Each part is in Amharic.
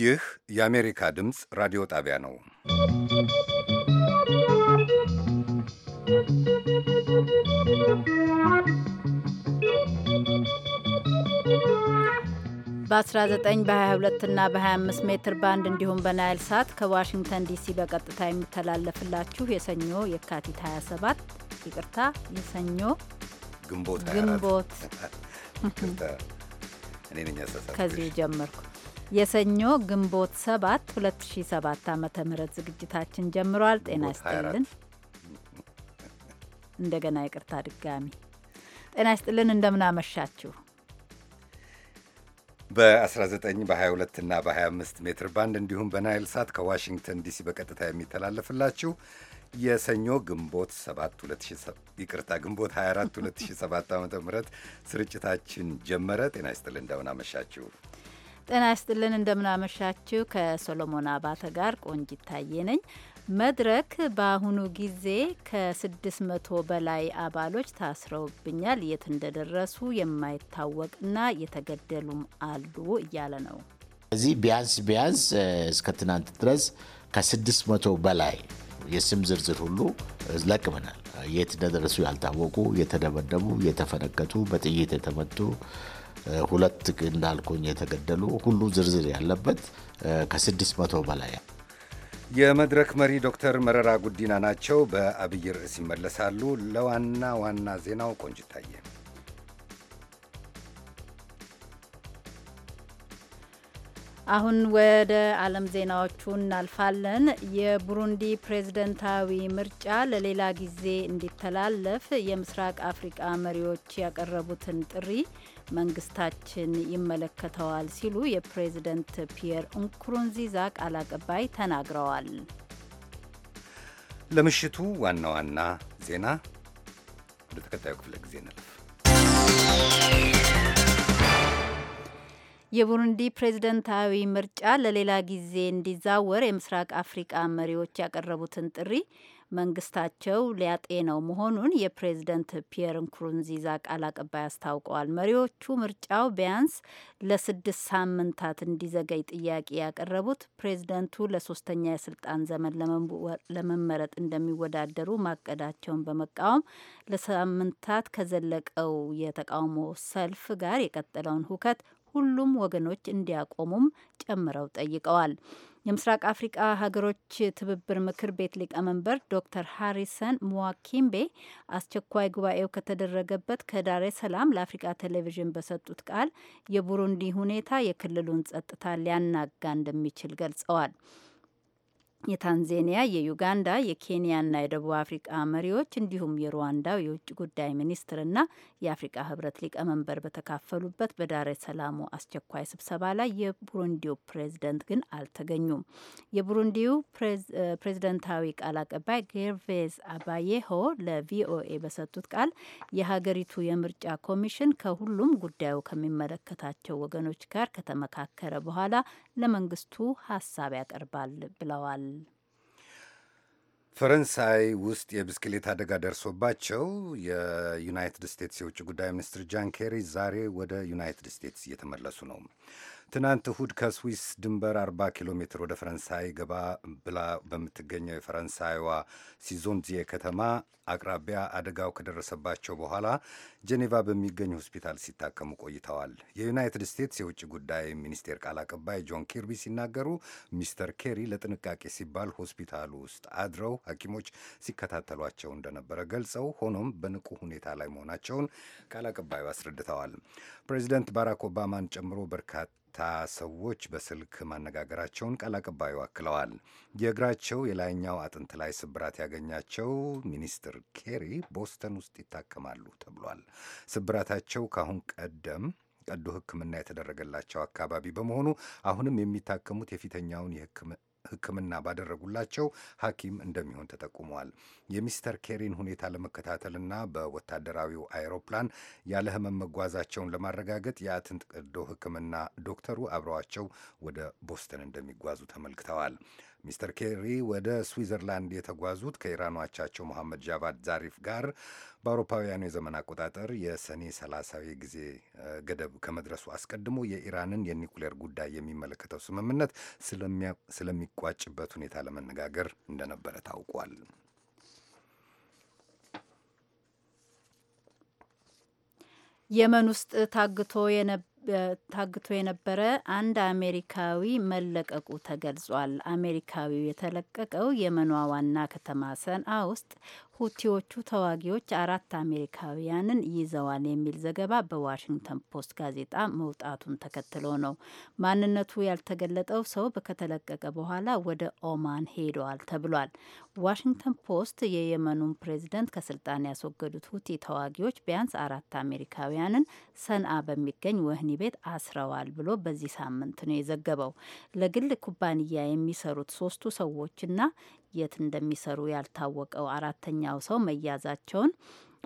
ይህ የአሜሪካ ድምፅ ራዲዮ ጣቢያ ነው። በ19 በ22 እና በ25 ሜትር ባንድ እንዲሁም በናይል ሳት ከዋሽንግተን ዲሲ በቀጥታ የሚተላለፍላችሁ የሰኞ የካቲት 27 ይቅርታ የሰኞ ግንቦት ግንቦት እኔ ነኝ ከዚሁ ጀመርኩ። የሰኞ ግንቦት 7 2007 ዓ ም ዝግጅታችን ጀምሯል። ጤና ይስጥልን። እንደገና ይቅርታ ድጋሚ ጤና ይስጥልን። እንደምናመሻችሁ በ19 በ22 እና በ25 ሜትር ባንድ እንዲሁም በናይል ሳት ከዋሽንግተን ዲሲ በቀጥታ የሚተላለፍላችሁ የሰኞ ግንቦት 7 ይቅርታ ግንቦት 24 2007 ዓ ም ስርጭታችን ጀመረ። ጤና ይስጥልን እንደምን አመሻችሁ። ጤና ይስጥልን እንደምን አመሻችሁ። ከሶሎሞን አባተ ጋር ቆንጅ ይታየ ነኝ። መድረክ በአሁኑ ጊዜ ከ600 በላይ አባሎች ታስረውብኛል፣ የት እንደደረሱ የማይታወቅና የተገደሉም አሉ እያለ ነው። እዚህ ቢያንስ ቢያንስ እስከ ትናንት ድረስ ከ600 በላይ የስም ዝርዝር ሁሉ ለቅመናል። የት እንደደረሱ ያልታወቁ የተደበደቡ፣ የተፈነከቱ፣ በጥይት የተመቱ ሁለት እንዳልኩኝ የተገደሉ ሁሉ ዝርዝር ያለበት ከስድስት መቶ በላይ የመድረክ መሪ ዶክተር መረራ ጉዲና ናቸው። በአብይ ርዕስ ይመለሳሉ። ለዋና ዋና ዜናው ቆንጅታየ አሁን ወደ ዓለም ዜናዎቹ እናልፋለን። የቡሩንዲ ፕሬዝደንታዊ ምርጫ ለሌላ ጊዜ እንዲተላለፍ የምስራቅ አፍሪቃ መሪዎች ያቀረቡትን ጥሪ መንግስታችን ይመለከተዋል ሲሉ የፕሬዝደንት ፒየር እንኩሩንዚዛ ቃል አቀባይ ተናግረዋል። ለምሽቱ ዋና ዋና ዜና ወደ ተከታዩ ክፍለ ጊዜ የቡሩንዲ ፕሬዝደንታዊ ምርጫ ለሌላ ጊዜ እንዲዛወር የምስራቅ አፍሪቃ መሪዎች ያቀረቡትን ጥሪ መንግስታቸው ሊያጤነው መሆኑን የፕሬዝደንት ፒየር ንኩሩንዚዛ ቃል አቀባይ አስታውቀዋል። መሪዎቹ ምርጫው ቢያንስ ለስድስት ሳምንታት እንዲዘገይ ጥያቄ ያቀረቡት ፕሬዝደንቱ ለሶስተኛ የስልጣን ዘመን ለመመረጥ እንደሚወዳደሩ ማቀዳቸውን በመቃወም ለሳምንታት ከዘለቀው የተቃውሞ ሰልፍ ጋር የቀጠለውን ሁከት ሁሉም ወገኖች እንዲያቆሙም ጨምረው ጠይቀዋል። የምስራቅ አፍሪቃ ሀገሮች ትብብር ምክር ቤት ሊቀመንበር ዶክተር ሃሪሰን ሙዋኪምቤ አስቸኳይ ጉባኤው ከተደረገበት ከዳሬ ሰላም ለአፍሪቃ ቴሌቪዥን በሰጡት ቃል የቡሩንዲ ሁኔታ የክልሉን ጸጥታ ሊያናጋ እንደሚችል ገልጸዋል። የታንዜኒያ፣ የዩጋንዳ፣ የኬንያና የደቡብ አፍሪቃ መሪዎች እንዲሁም የሩዋንዳው የውጭ ጉዳይ ሚኒስትርና የአፍሪቃ ህብረት ሊቀመንበር በተካፈሉበት በዳሬ ሰላሙ አስቸኳይ ስብሰባ ላይ የቡሩንዲው ፕሬዝደንት ግን አልተገኙም። የቡሩንዲው ፕሬዝደንታዊ ቃል አቀባይ ጌርቬዝ አባዬሆ ለቪኦኤ በሰጡት ቃል የሀገሪቱ የምርጫ ኮሚሽን ከሁሉም ጉዳዩ ከሚመለከታቸው ወገኖች ጋር ከተመካከረ በኋላ ለመንግስቱ ሀሳብ ያቀርባል ብለዋል። ፈረንሳይ ውስጥ የብስክሌት አደጋ ደርሶባቸው የዩናይትድ ስቴትስ የውጭ ጉዳይ ሚኒስትር ጃን ኬሪ ዛሬ ወደ ዩናይትድ ስቴትስ እየተመለሱ ነው። ትናንት እሁድ ከስዊስ ድንበር 40 ኪሎ ሜትር ወደ ፈረንሳይ ገባ ብላ በምትገኘው የፈረንሳይዋ ሲዞንዚዬ ከተማ አቅራቢያ አደጋው ከደረሰባቸው በኋላ ጄኔቫ በሚገኝ ሆስፒታል ሲታከሙ ቆይተዋል። የዩናይትድ ስቴትስ የውጭ ጉዳይ ሚኒስቴር ቃል አቀባይ ጆን ኪርቢ ሲናገሩ ሚስተር ኬሪ ለጥንቃቄ ሲባል ሆስፒታሉ ውስጥ አድረው ሐኪሞች ሲከታተሏቸው እንደነበረ ገልጸው ሆኖም በንቁ ሁኔታ ላይ መሆናቸውን ቃል አቀባዩ አስረድተዋል። ፕሬዚደንት ባራክ ኦባማን ጨምሮ በርካታ ሰዎች በስልክ ማነጋገራቸውን ቃል አቀባዩ አክለዋል። የእግራቸው የላይኛው አጥንት ላይ ስብራት ያገኛቸው ሚኒስትር ኬሪ ቦስተን ውስጥ ይታከማሉ ተብሏል። ስብራታቸው ከአሁን ቀደም ቀዶ ሕክምና የተደረገላቸው አካባቢ በመሆኑ አሁንም የሚታከሙት የፊተኛውን ሕክምና ባደረጉላቸው ሐኪም እንደሚሆን ተጠቁመዋል። የሚስተር ኬሪን ሁኔታ ለመከታተልና በወታደራዊው አይሮፕላን ያለ ህመም መጓዛቸውን ለማረጋገጥ የአጥንት ቀዶ ሕክምና ዶክተሩ አብረዋቸው ወደ ቦስተን እንደሚጓዙ ተመልክተዋል። ሚስተር ኬሪ ወደ ስዊዘርላንድ የተጓዙት ከኢራኗቻቸው አቻቸው መሐመድ ጃቫድ ዛሪፍ ጋር በአውሮፓውያኑ የዘመን አቆጣጠር የሰኔ ሰላሳዊ ጊዜ ገደብ ከመድረሱ አስቀድሞ የኢራንን የኒኩሌር ጉዳይ የሚመለከተው ስምምነት ስለሚቋጭበት ሁኔታ ለመነጋገር እንደነበረ ታውቋል። የመን ውስጥ ታግቶ የነበ ታግቶ የነበረ አንድ አሜሪካዊ መለቀቁ ተገልጿል። አሜሪካዊው የተለቀቀው የመኗ ዋና ከተማ ሰንአ ውስጥ ሁቲዎቹ ተዋጊዎች አራት አሜሪካውያንን ይዘዋል የሚል ዘገባ በዋሽንግተን ፖስት ጋዜጣ መውጣቱን ተከትሎ ነው። ማንነቱ ያልተገለጠው ሰው ከተለቀቀ በኋላ ወደ ኦማን ሄደዋል ተብሏል። ዋሽንግተን ፖስት የየመኑን ፕሬዝደንት ከስልጣን ያስወገዱት ሁቲ ተዋጊዎች ቢያንስ አራት አሜሪካውያንን ሰንአ በሚገኝ ወህኒ ቤት አስረዋል ብሎ በዚህ ሳምንት ነው የዘገበው። ለግል ኩባንያ የሚሰሩት ሶስቱ ሰዎችና የት እንደሚሰሩ ያልታወቀው አራተኛው ሰው መያዛቸውን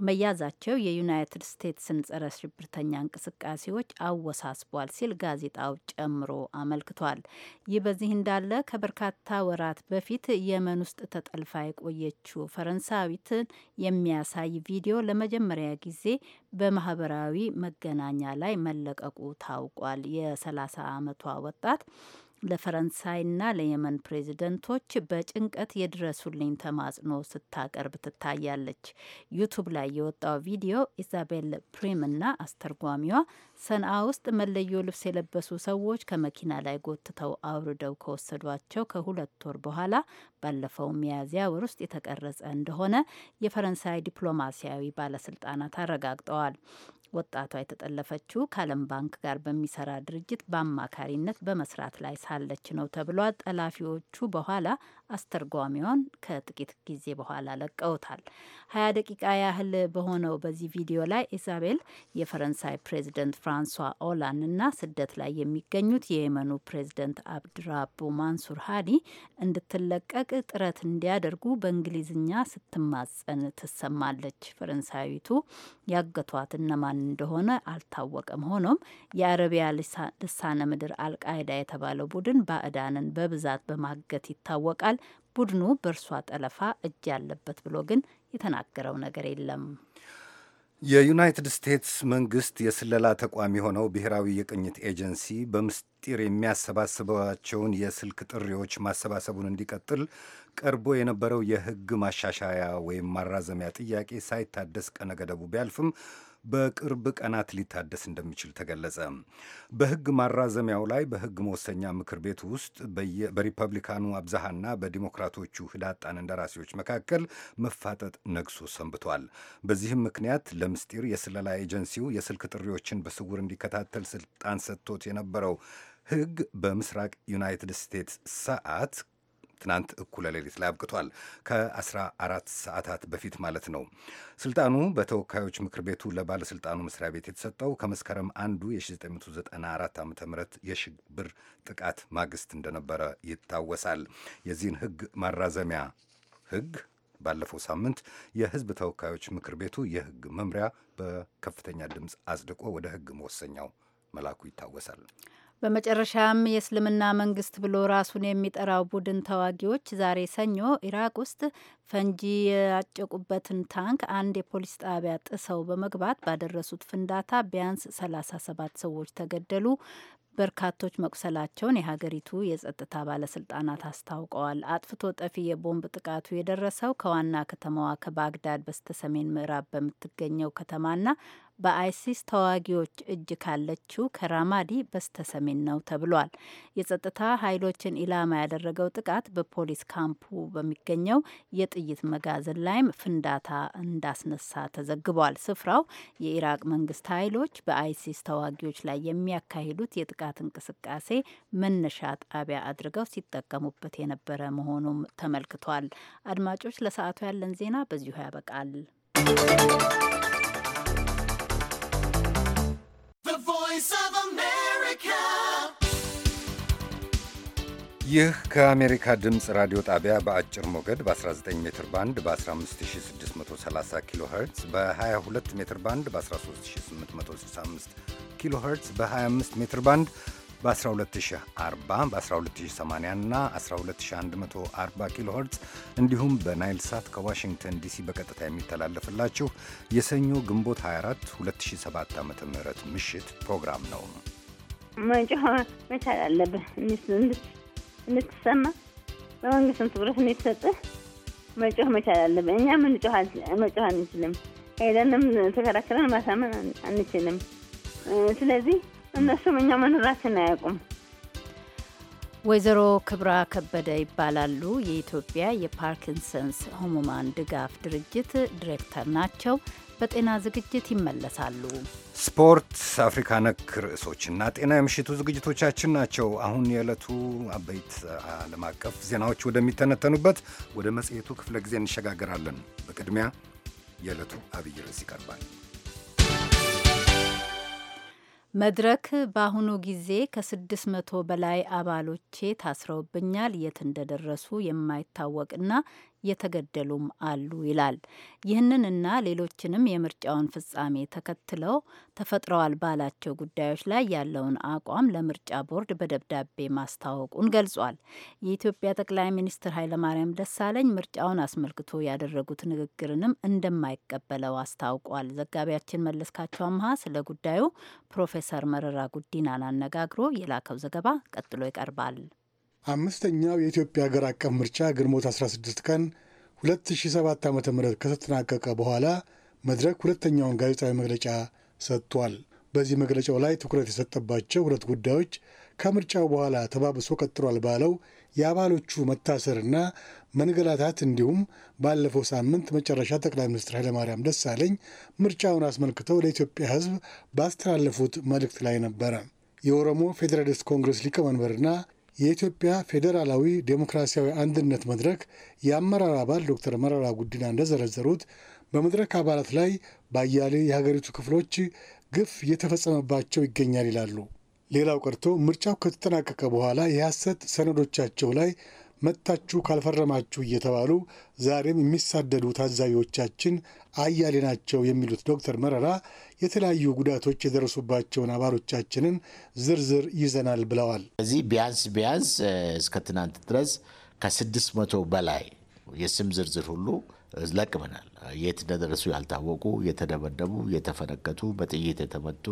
መያዛቸው የዩናይትድ ስቴትስን ጸረ ሽብርተኛ እንቅስቃሴዎች አወሳስቧል ሲል ጋዜጣው ጨምሮ አመልክቷል። ይህ በዚህ እንዳለ ከበርካታ ወራት በፊት የመን ውስጥ ተጠልፋ የቆየችው ፈረንሳዊትን የሚያሳይ ቪዲዮ ለመጀመሪያ ጊዜ በማህበራዊ መገናኛ ላይ መለቀቁ ታውቋል። የ30 ዓመቷ ወጣት ለፈረንሳይና ለየመን ፕሬዚደንቶች በጭንቀት የድረሱልኝ ተማጽኖ ስታቀርብ ትታያለች። ዩቱብ ላይ የወጣው ቪዲዮ ኢዛቤል ፕሪምና አስተርጓሚዋ ሰንአ ውስጥ መለዮ ልብስ የለበሱ ሰዎች ከመኪና ላይ ጎትተው አውርደው ከወሰዷቸው ከሁለት ወር በኋላ ባለፈው ሚያዝያ ወር ውስጥ የተቀረጸ እንደሆነ የፈረንሳይ ዲፕሎማሲያዊ ባለስልጣናት አረጋግጠዋል። ወጣቷ የተጠለፈችው ከዓለም ባንክ ጋር በሚሰራ ድርጅት በአማካሪነት በመስራት ላይ ሳለች ነው ተብሏል። ጠላፊዎቹ በኋላ አስተርጓሚዋን ከጥቂት ጊዜ በኋላ ለቀውታል። ሀያ ደቂቃ ያህል በሆነው በዚህ ቪዲዮ ላይ ኢዛቤል የፈረንሳይ ፕሬዚደንት ፍራንሷ ኦላንድ እና ስደት ላይ የሚገኙት የየመኑ ፕሬዚደንት አብድራቡ ማንሱር ሀዲ እንድትለቀቅ ጥረት እንዲያደርጉ በእንግሊዝኛ ስትማጸን ትሰማለች። ፈረንሳዊቱ ያገቷት እነማን እንደሆነ አልታወቀም። ሆኖም የአረቢያ ልሳነ ምድር አልቃይዳ የተባለው ቡድን ባዕዳንን በብዛት በማገት ይታወቃል። ቡድኑ በእርሷ ጠለፋ እጅ ያለበት ብሎ ግን የተናገረው ነገር የለም። የዩናይትድ ስቴትስ መንግስት የስለላ ተቋም የሆነው ብሔራዊ የቅኝት ኤጀንሲ በምስጢር የሚያሰባስባቸውን የስልክ ጥሪዎች ማሰባሰቡን እንዲቀጥል ቀርቦ የነበረው የሕግ ማሻሻያ ወይም ማራዘሚያ ጥያቄ ሳይታደስ ቀነ ገደቡ ቢያልፍም በቅርብ ቀናት ሊታደስ እንደሚችል ተገለጸ። በሕግ ማራዘሚያው ላይ በሕግ መወሰኛ ምክር ቤት ውስጥ በሪፐብሊካኑ አብዛሃና በዲሞክራቶቹ ህዳጣን እንደራሴዎች መካከል መፋጠጥ ነግሶ ሰንብቷል። በዚህም ምክንያት ለምስጢር የስለላ ኤጀንሲው የስልክ ጥሪዎችን በስውር እንዲከታተል ስልጣን ሰጥቶት የነበረው ሕግ በምስራቅ ዩናይትድ ስቴትስ ሰዓት ትናንት እኩለ ሌሊት ላይ አብቅቷል። ከ14 ሰዓታት በፊት ማለት ነው። ስልጣኑ በተወካዮች ምክር ቤቱ ለባለስልጣኑ መስሪያ ቤት የተሰጠው ከመስከረም አንዱ የ1994 ዓ ም የሽብር ጥቃት ማግስት እንደነበረ ይታወሳል። የዚህን ህግ ማራዘሚያ ህግ ባለፈው ሳምንት የህዝብ ተወካዮች ምክር ቤቱ የህግ መምሪያ በከፍተኛ ድምፅ አጽድቆ ወደ ህግ መወሰኛው መላኩ ይታወሳል። በመጨረሻም የእስልምና መንግስት ብሎ ራሱን የሚጠራው ቡድን ተዋጊዎች ዛሬ ሰኞ ኢራቅ ውስጥ ፈንጂ ያጨቁበትን ታንክ አንድ የፖሊስ ጣቢያ ጥሰው በመግባት ባደረሱት ፍንዳታ ቢያንስ 37 ሰዎች ተገደሉ፣ በርካቶች መቁሰላቸውን የሀገሪቱ የጸጥታ ባለስልጣናት አስታውቀዋል። አጥፍቶ ጠፊ የቦምብ ጥቃቱ የደረሰው ከዋና ከተማዋ ከባግዳድ በስተሰሜን ምዕራብ በምትገኘው ከተማና በአይሲስ ተዋጊዎች እጅ ካለችው ከራማዲ በስተሰሜን ነው ተብሏል። የጸጥታ ኃይሎችን ኢላማ ያደረገው ጥቃት በፖሊስ ካምፑ በሚገኘው የጥይት መጋዘን ላይም ፍንዳታ እንዳስነሳ ተዘግቧል። ስፍራው የኢራቅ መንግስት ኃይሎች በአይሲስ ተዋጊዎች ላይ የሚያካሂዱት የጥቃት እንቅስቃሴ መነሻ ጣቢያ አድርገው ሲጠቀሙበት የነበረ መሆኑም ተመልክቷል። አድማጮች ለሰዓቱ ያለን ዜና በዚሁ ያበቃል። ይህ ከአሜሪካ ድምፅ ራዲዮ ጣቢያ በአጭር ሞገድ በ19 ሜትር ባንድ በ15630 ኪሎ ኸርትዝ በ22 ሜትር ባንድ በ13865 ኪሎ ኸርትዝ በ25 ሜትር ባንድ በ12040 በ12080 እና 12140 ኪሎ ኸርትዝ እንዲሁም በናይል ሳት ከዋሽንግተን ዲሲ በቀጥታ የሚተላለፍላችሁ የሰኞ ግንቦት 24 2007 ዓ ም ምሽት ፕሮግራም ነው። መጮህ መቻል አለብህ እንድትሰማ በመንግስትም ትኩረት እንዲሰጥህ መጮህ መቻል አለብህ። እኛ ምን መጮህ አንችልም። ሄደንም ተከራክረን ማሳመን አንችልም። ስለዚህ እነሱም እኛ መኖራችን አያውቁም። ወይዘሮ ክብራ ከበደ ይባላሉ። የኢትዮጵያ የፓርኪንሰንስ ህሙማን ድጋፍ ድርጅት ዲሬክተር ናቸው። በጤና ዝግጅት ይመለሳሉ። ስፖርት፣ አፍሪካ ነክ ርዕሶችና ጤና የምሽቱ ዝግጅቶቻችን ናቸው። አሁን የዕለቱ አበይት ዓለም አቀፍ ዜናዎች ወደሚተነተኑበት ወደ መጽሔቱ ክፍለ ጊዜ እንሸጋገራለን። በቅድሚያ የዕለቱ አብይ ርዕስ ይቀርባል። መድረክ በአሁኑ ጊዜ ከስድስት መቶ በላይ አባሎቼ ታስረውብኛል፣ የት እንደደረሱ የማይታወቅና የተገደሉም አሉ ይላል። ይህንንና ሌሎችንም የምርጫውን ፍጻሜ ተከትለው ተፈጥረዋል ባላቸው ጉዳዮች ላይ ያለውን አቋም ለምርጫ ቦርድ በደብዳቤ ማስታወቁን ገልጿል። የኢትዮጵያ ጠቅላይ ሚኒስትር ኃይለማርያም ደሳለኝ ምርጫውን አስመልክቶ ያደረጉት ንግግርንም እንደማይቀበለው አስታውቋል። ዘጋቢያችን መለስካቸው አምሃ ስለ ጉዳዩ ፕሮፌሰር መረራ ጉዲናን አነጋግሮ የላከው ዘገባ ቀጥሎ ይቀርባል። አምስተኛው የኢትዮጵያ ሀገር አቀፍ ምርጫ ግንቦት 16 ቀን 2007 ዓ ም ከተጠናቀቀ በኋላ መድረክ ሁለተኛውን ጋዜጣዊ መግለጫ ሰጥቷል። በዚህ መግለጫው ላይ ትኩረት የሰጠባቸው ሁለት ጉዳዮች ከምርጫው በኋላ ተባብሶ ቀጥሏል ባለው የአባሎቹ መታሰርና መንገላታት እንዲሁም ባለፈው ሳምንት መጨረሻ ጠቅላይ ሚኒስትር ኃይለማርያም ደሳለኝ ምርጫውን አስመልክተው ለኢትዮጵያ ሕዝብ ባስተላለፉት መልእክት ላይ ነበረ። የኦሮሞ ፌዴራሊስት ኮንግረስ ሊቀመንበርና የኢትዮጵያ ፌዴራላዊ ዴሞክራሲያዊ አንድነት መድረክ የአመራር አባል ዶክተር መረራ ጉዲና እንደዘረዘሩት በመድረክ አባላት ላይ በአያሌ የሀገሪቱ ክፍሎች ግፍ እየተፈጸመባቸው ይገኛል ይላሉ። ሌላው ቀርቶ ምርጫው ከተጠናቀቀ በኋላ የሐሰት ሰነዶቻቸው ላይ መታችሁ ካልፈረማችሁ እየተባሉ ዛሬም የሚሳደዱ ታዛቢዎቻችን አያሌ ናቸው የሚሉት ዶክተር መረራ የተለያዩ ጉዳቶች የደረሱባቸውን አባሎቻችንን ዝርዝር ይዘናል ብለዋል። እዚህ ቢያንስ ቢያንስ እስከ ትናንት ድረስ ከስድስት መቶ በላይ የስም ዝርዝር ሁሉ ለቅመናል። የት እንደደረሱ ያልታወቁ የተደበደቡ፣ የተፈነከቱ፣ በጥይት የተመቱ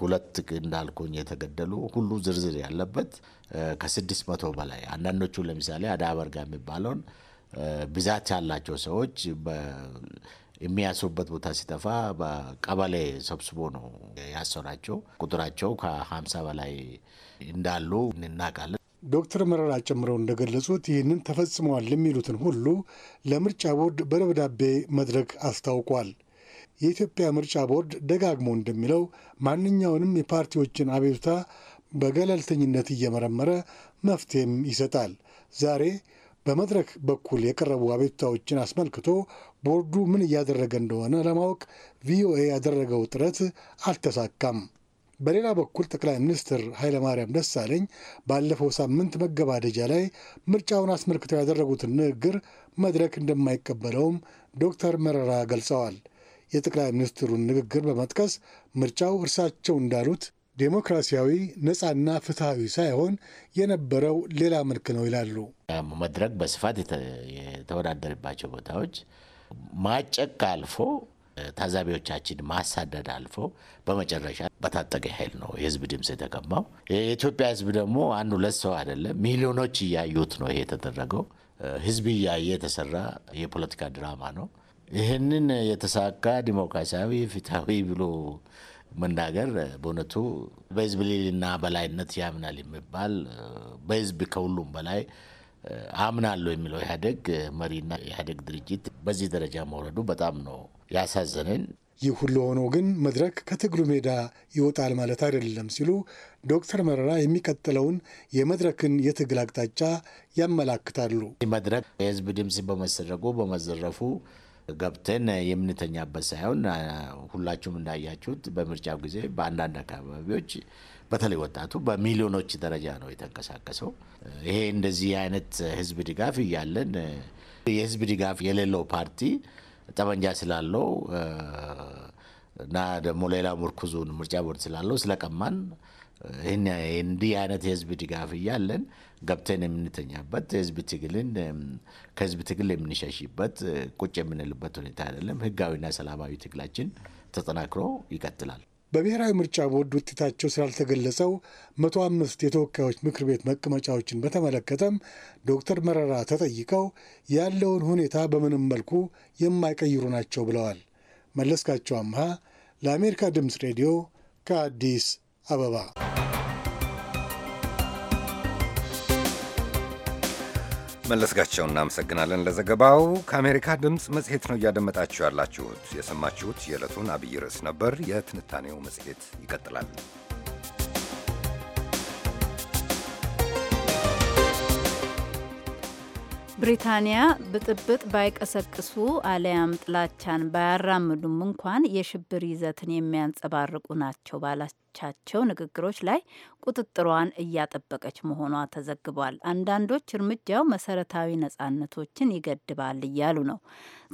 ሁለት እንዳልኩኝ የተገደሉ ሁሉ ዝርዝር ያለበት ከስድስት መቶ በላይ አንዳንዶቹ ለምሳሌ አዳበርጋ የሚባለውን ብዛት ያላቸው ሰዎች የሚያስሩበት ቦታ ሲጠፋ በቀበሌ ሰብስቦ ነው ያሰራቸው። ቁጥራቸው ከሀምሳ በላይ እንዳሉ እናውቃለን። ዶክተር መረራ ጨምረው እንደገለጹት ይህንን ተፈጽመዋል የሚሉትን ሁሉ ለምርጫ ቦርድ በደብዳቤ መድረክ አስታውቋል። የኢትዮጵያ ምርጫ ቦርድ ደጋግሞ እንደሚለው ማንኛውንም የፓርቲዎችን አቤቱታ በገለልተኝነት እየመረመረ መፍትሄም ይሰጣል። ዛሬ በመድረክ በኩል የቀረቡ አቤቱታዎችን አስመልክቶ ቦርዱ ምን እያደረገ እንደሆነ ለማወቅ ቪኦኤ ያደረገው ጥረት አልተሳካም። በሌላ በኩል ጠቅላይ ሚኒስትር ኃይለማርያም ደሳለኝ ባለፈው ሳምንት መገባደጃ ላይ ምርጫውን አስመልክተው ያደረጉትን ንግግር መድረክ እንደማይቀበለውም ዶክተር መረራ ገልጸዋል። የጠቅላይ ሚኒስትሩን ንግግር በመጥቀስ ምርጫው እርሳቸው እንዳሉት ዴሞክራሲያዊ ነፃና ፍትሐዊ ሳይሆን የነበረው ሌላ መልክ ነው ይላሉ። መድረክ በስፋት የተወዳደርባቸው ቦታዎች ማጨቅ አልፎ ታዛቢዎቻችን ማሳደድ አልፎ በመጨረሻ በታጠቀ ኃይል ነው የህዝብ ድምፅ የተቀማው። የኢትዮጵያ ህዝብ ደግሞ አንድ ሁለት ሰው አይደለም፣ ሚሊዮኖች እያዩት ነው ይሄ የተደረገው። ህዝብ እያየ የተሰራ የፖለቲካ ድራማ ነው። ይህንን የተሳካ ዲሞክራሲያዊ ፍትሐዊ ብሎ መናገር በእውነቱ በህዝብ ልዕልና በላይነት ያምናል የሚባል በህዝብ ከሁሉም በላይ አምናለሁ የሚለው ኢህአዴግ መሪና ኢህአዴግ ድርጅት በዚህ ደረጃ መውረዱ በጣም ነው ያሳዘነኝ ይህ ሁሉ ሆኖ ግን መድረክ ከትግሉ ሜዳ ይወጣል ማለት አይደለም ሲሉ ዶክተር መረራ የሚቀጥለውን የመድረክን የትግል አቅጣጫ ያመላክታሉ። መድረክ የህዝብ ድምፅ በመሰረጉ በመዘረፉ ገብተን የምንተኛበት ሳይሆን ሁላችሁም እንዳያችሁት በምርጫው ጊዜ በአንዳንድ አካባቢዎች በተለይ ወጣቱ በሚሊዮኖች ደረጃ ነው የተንቀሳቀሰው። ይሄ እንደዚህ አይነት ህዝብ ድጋፍ እያለን የህዝብ ድጋፍ የሌለው ፓርቲ ጠመንጃ ስላለው እና ደግሞ ሌላ ምርኩዙን ምርጫ ቦርድ ስላለው ስለቀማን እንዲህ አይነት የህዝብ ድጋፍ እያለን ገብተን የምንተኛበት የህዝብ ትግልን ከህዝብ ትግል የምንሸሽበት ቁጭ የምንልበት ሁኔታ አይደለም። ህጋዊና ሰላማዊ ትግላችን ተጠናክሮ ይቀጥላል። በብሔራዊ ምርጫ ቦርድ ውጤታቸው ስላልተገለጸው መቶ አምስት የተወካዮች ምክር ቤት መቀመጫዎችን በተመለከተም ዶክተር መረራ ተጠይቀው ያለውን ሁኔታ በምንም መልኩ የማይቀይሩ ናቸው ብለዋል። መለስካቸው አምሃ ለአሜሪካ ድምፅ ሬዲዮ ከአዲስ አበባ መለስጋቸው እናመሰግናለን ለዘገባው። ከአሜሪካ ድምፅ መጽሔት ነው እያደመጣችሁ ያላችሁት። የሰማችሁት የዕለቱን አብይ ርዕስ ነበር። የትንታኔው መጽሔት ይቀጥላል። ብሪታንያ ብጥብጥ ባይቀሰቅሱ አለያም ጥላቻን ባያራምዱም እንኳን የሽብር ይዘትን የሚያንጸባርቁ ናቸው ባላቸው በሚያደርጓቻቸው ንግግሮች ላይ ቁጥጥሯን እያጠበቀች መሆኗ ተዘግቧል። አንዳንዶች እርምጃው መሰረታዊ ነጻነቶችን ይገድባል እያሉ ነው።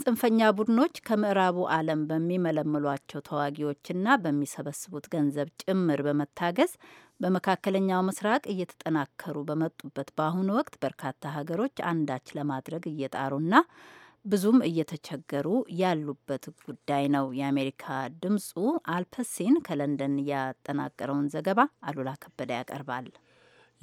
ጽንፈኛ ቡድኖች ከምዕራቡ ዓለም በሚመለምሏቸው ተዋጊዎችና በሚሰበስቡት ገንዘብ ጭምር በመታገዝ በመካከለኛው ምስራቅ እየተጠናከሩ በመጡበት በአሁኑ ወቅት በርካታ ሀገሮች አንዳች ለማድረግ እየጣሩና ብዙም እየተቸገሩ ያሉበት ጉዳይ ነው። የአሜሪካ ድምፁ አልፐሲን ከለንደን ያጠናቀረውን ዘገባ አሉላ ከበደ ያቀርባል።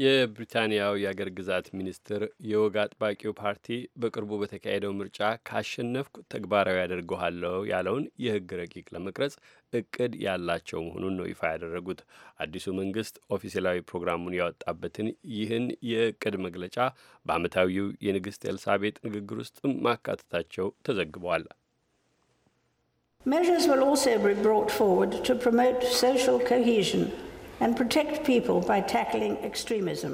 የብሪታንያው የአገር ግዛት ሚኒስትር የወግ አጥባቂው ፓርቲ በቅርቡ በተካሄደው ምርጫ ካሸነፍኩ ተግባራዊ ያደርገኋለሁ ያለውን የሕግ ረቂቅ ለመቅረጽ እቅድ ያላቸው መሆኑን ነው ይፋ ያደረጉት። አዲሱ መንግስት ኦፊሴላዊ ፕሮግራሙን ያወጣበትን ይህን የእቅድ መግለጫ በዓመታዊው የንግሥት ኤልሳቤጥ ንግግር ውስጥ ማካተታቸው ተዘግበዋል። Measures will also be brought forward to promote social cohesion. and protect people by tackling extremism.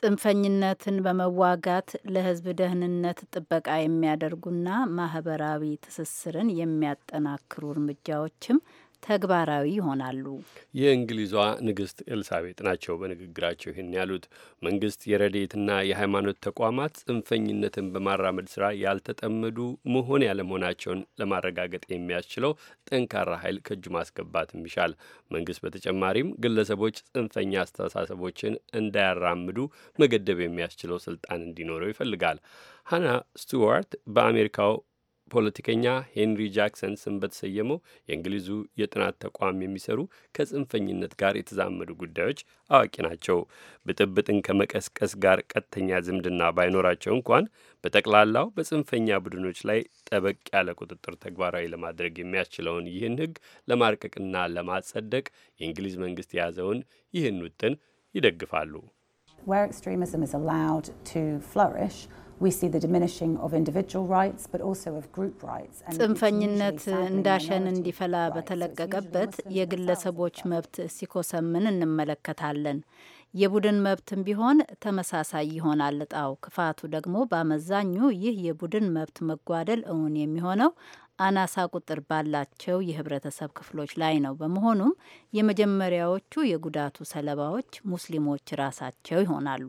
ጽንፈኝነትን በመዋጋት ለሕዝብ ደህንነት ጥበቃ የሚያደርጉና ማህበራዊ ትስስርን የሚያጠናክሩ እርምጃዎችም ተግባራዊ ይሆናሉ። የእንግሊዟ ንግሥት ኤልሳቤጥ ናቸው በንግግራቸው ይህን ያሉት። መንግስት የረድኤትና የሃይማኖት ተቋማት ጽንፈኝነትን በማራመድ ስራ ያልተጠመዱ መሆን ያለመሆናቸውን ለማረጋገጥ የሚያስችለው ጠንካራ ኃይል ከእጁ ማስገባትም ይሻል። መንግስት በተጨማሪም ግለሰቦች ጽንፈኛ አስተሳሰቦችን እንዳያራምዱ መገደብ የሚያስችለው ስልጣን እንዲኖረው ይፈልጋል። ሃና ስቱዋርት በአሜሪካው ፖለቲከኛ ሄንሪ ጃክሰን ስም በተሰየመው የእንግሊዙ የጥናት ተቋም የሚሰሩ ከጽንፈኝነት ጋር የተዛመዱ ጉዳዮች አዋቂ ናቸው። ብጥብጥን ከመቀስቀስ ጋር ቀጥተኛ ዝምድና ባይኖራቸው እንኳን በጠቅላላው በጽንፈኛ ቡድኖች ላይ ጠበቅ ያለ ቁጥጥር ተግባራዊ ለማድረግ የሚያስችለውን ይህን ሕግ ለማርቀቅና ለማጸደቅ የእንግሊዝ መንግስት የያዘውን ይህን ውጥን ይደግፋሉ። ጽንፈኝነት እንዳሸን እንዲፈላ በተለቀቀበት የግለሰቦች መብት ሲኮሰምን እንመለከታለን። የቡድን መብትም ቢሆን ተመሳሳይ ይሆናል እጣው። ክፋቱ ደግሞ በአመዛኙ ይህ የቡድን መብት መጓደል እውን የሚሆነው አናሳ ቁጥር ባላቸው የህብረተሰብ ክፍሎች ላይ ነው። በመሆኑም የመጀመሪያዎቹ የጉዳቱ ሰለባዎች ሙስሊሞች ራሳቸው ይሆናሉ።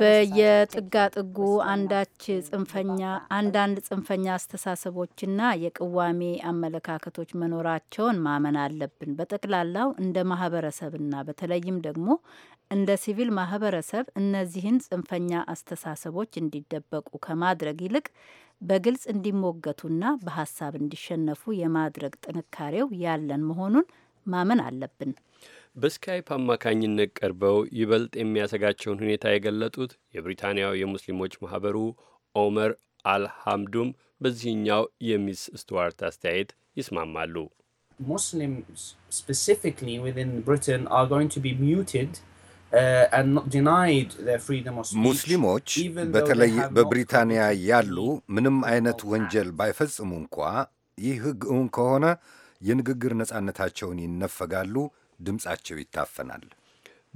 በየጥጋጥጉ አንዳች ጽንፈኛ አንዳንድ ጽንፈኛ አስተሳሰቦችና የቅዋሜ አመለካከቶች መኖራቸውን ማመን አለብን። በጠቅላላው እንደ ማህበረሰብና በተለይም ደግሞ እንደ ሲቪል ማህበረሰብ እነዚህን ጽንፈኛ አስተሳሰቦች እንዲደበቁ ከማድረግ ይልቅ በግልጽ እንዲሞገቱና በሀሳብ እንዲሸነፉ የማድረግ ጥንካሬው ያለን መሆኑን ማመን አለብን። በስካይፕ አማካኝነት ቀርበው ይበልጥ የሚያሰጋቸውን ሁኔታ የገለጡት የብሪታንያው የሙስሊሞች ማኅበሩ ኦመር አልሐምዱም በዚህኛው የሚስ ስቱዋርት አስተያየት ይስማማሉ። ሙስሊሞች በተለይ በብሪታንያ ያሉ ምንም አይነት ወንጀል ባይፈጽሙ እንኳ ይህ ሕግ እውን ከሆነ የንግግር ነጻነታቸውን ይነፈጋሉ፣ ድምፃቸው ይታፈናል።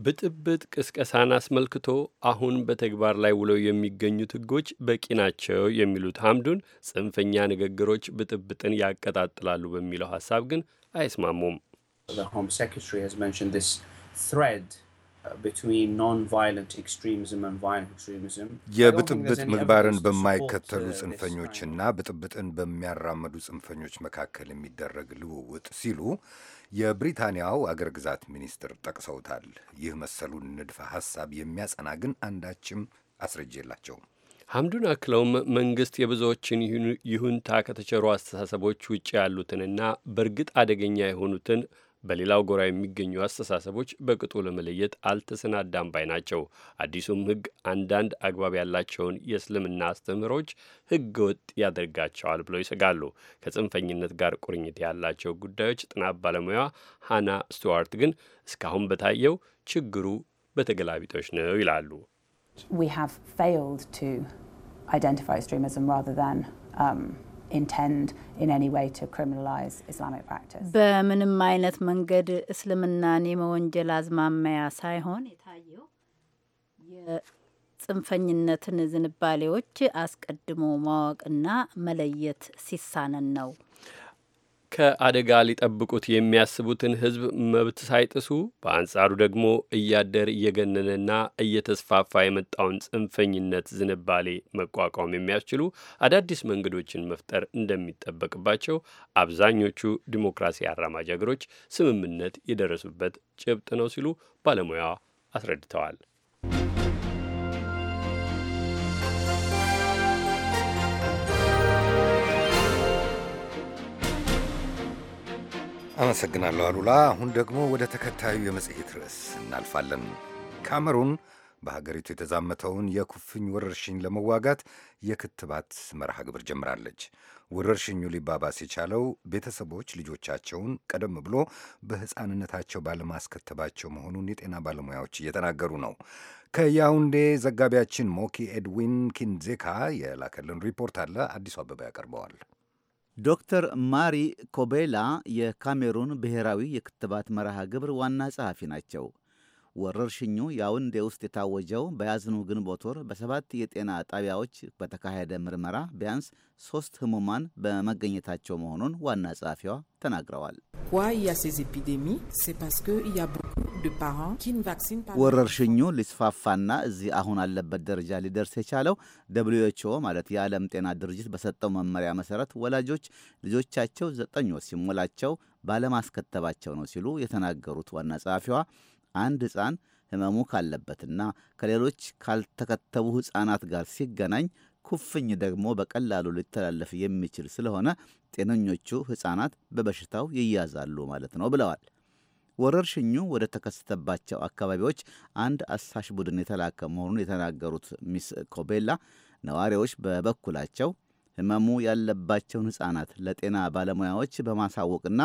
ብጥብጥ ቅስቀሳን አስመልክቶ አሁን በተግባር ላይ ውለው የሚገኙት ሕጎች በቂ ናቸው የሚሉት ሐምዱን ጽንፈኛ ንግግሮች ብጥብጥን ያቀጣጥላሉ በሚለው ሀሳብ ግን አይስማሙም። uh, የብጥብጥ ምግባርን በማይከተሉ uh, ጽንፈኞችና ብጥብጥን በሚያራምዱ ጽንፈኞች መካከል የሚደረግ ልውውጥ ሲሉ የብሪታንያው አገር ግዛት ሚኒስትር ጠቅሰውታል። ይህ መሰሉን ንድፈ ሐሳብ የሚያጸና ግን አንዳችም አስረጅ የላቸውም። ሐምዱን አክለውም መንግስት የብዙዎችን ይሁንታ ከተቸሩ አስተሳሰቦች ውጭ ያሉትንና በእርግጥ አደገኛ የሆኑትን በሌላው ጎራ የሚገኙ አስተሳሰቦች በቅጡ ለመለየት አልተሰናዳም ባይ ናቸው። አዲሱም ሕግ አንዳንድ አግባብ ያላቸውን የእስልምና አስተምህሮች ሕገ ወጥ ያደርጋቸዋል ብለው ይሰጋሉ። ከጽንፈኝነት ጋር ቁርኝት ያላቸው ጉዳዮች ጥናት ባለሙያ ሃና ስቱዋርት ግን እስካሁን በታየው ችግሩ በተገላቢጦች ነው ይላሉ። We have failed to identify extremism rather than um, intend in any way to criminalize Islamic practice. በምንም አይነት መንገድ እስልምናን የመወንጀል አዝማሚያ ሳይሆን የታየው የጽንፈኝነትን ዝንባሌዎች አስቀድሞ ማወቅና መለየት ሲሳነን ነው። ከአደጋ ሊጠብቁት የሚያስቡትን ሕዝብ መብት ሳይጥሱ በአንጻሩ ደግሞ እያደር እየገነነና እየተስፋፋ የመጣውን ጽንፈኝነት ዝንባሌ መቋቋም የሚያስችሉ አዳዲስ መንገዶችን መፍጠር እንደሚጠበቅባቸው አብዛኞቹ ዲሞክራሲ አራማጅ ሀገሮች ስምምነት የደረሱበት ጭብጥ ነው ሲሉ ባለሙያዋ አስረድተዋል። አመሰግናለሁ አሉላ። አሁን ደግሞ ወደ ተከታዩ የመጽሔት ርዕስ እናልፋለን። ካሜሩን በሀገሪቱ የተዛመተውን የኩፍኝ ወረርሽኝ ለመዋጋት የክትባት መርሃ ግብር ጀምራለች። ወረርሽኙ ሊባባስ የቻለው ቤተሰቦች ልጆቻቸውን ቀደም ብሎ በሕፃንነታቸው ባለማስከተባቸው መሆኑን የጤና ባለሙያዎች እየተናገሩ ነው። ከያውንዴ ዘጋቢያችን ሞኪ ኤድዊን ኪንዜካ የላከልን ሪፖርት አለ፣ አዲሱ አበባ ያቀርበዋል። ዶክተር ማሪ ኮቤላ የካሜሩን ብሔራዊ የክትባት መርሃ ግብር ዋና ጸሐፊ ናቸው። ወረርሽኙ ያውንዴ ውስጥ የታወጀው በያዝኑ ግንቦት ወር በሰባት የጤና ጣቢያዎች በተካሄደ ምርመራ ቢያንስ ሶስት ህሙማን በመገኘታቸው መሆኑን ዋና ጸሐፊዋ ተናግረዋል። ወረርሽኙ ሊስፋፋና እዚህ አሁን አለበት ደረጃ ሊደርስ የቻለው ደብልዩ ኤች ኦ ማለት የዓለም ጤና ድርጅት በሰጠው መመሪያ መሰረት ወላጆች ልጆቻቸው ዘጠኝ ወር ሲሞላቸው ባለማስከተባቸው ነው ሲሉ የተናገሩት ዋና ጸሐፊዋ አንድ ሕፃን ህመሙ ካለበትና ከሌሎች ካልተከተቡ ሕፃናት ጋር ሲገናኝ ኩፍኝ ደግሞ በቀላሉ ሊተላለፍ የሚችል ስለሆነ ጤነኞቹ ሕፃናት በበሽታው ይያዛሉ ማለት ነው ብለዋል። ወረርሽኙ ወደ ተከሰተባቸው አካባቢዎች አንድ አሳሽ ቡድን የተላከ መሆኑን የተናገሩት ሚስ ኮቤላ ነዋሪዎች በበኩላቸው ህመሙ ያለባቸውን ሕፃናት ለጤና ባለሙያዎች በማሳወቅና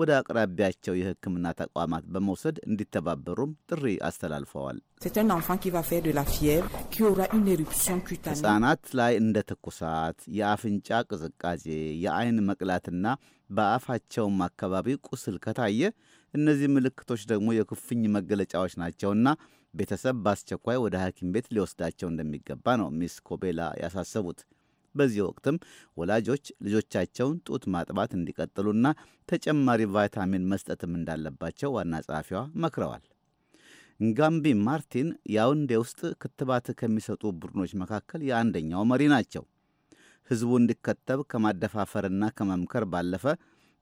ወደ አቅራቢያቸው የሕክምና ተቋማት በመውሰድ እንዲተባበሩም ጥሪ አስተላልፈዋል። ሕፃናት ላይ እንደ ትኩሳት፣ የአፍንጫ ቅዝቃዜ፣ የአይን መቅላትና በአፋቸውም አካባቢ ቁስል ከታየ እነዚህ ምልክቶች ደግሞ የኩፍኝ መገለጫዎች ናቸውና ቤተሰብ በአስቸኳይ ወደ ሐኪም ቤት ሊወስዳቸው እንደሚገባ ነው ሚስ ኮቤላ ያሳሰቡት። በዚህ ወቅትም ወላጆች ልጆቻቸውን ጡት ማጥባት እንዲቀጥሉና ተጨማሪ ቫይታሚን መስጠትም እንዳለባቸው ዋና ጸሐፊዋ መክረዋል። ንጋምቢ ማርቲን ያውንዴ ውስጥ ክትባት ከሚሰጡ ቡድኖች መካከል የአንደኛው መሪ ናቸው። ሕዝቡ እንዲከተብ ከማደፋፈርና ከመምከር ባለፈ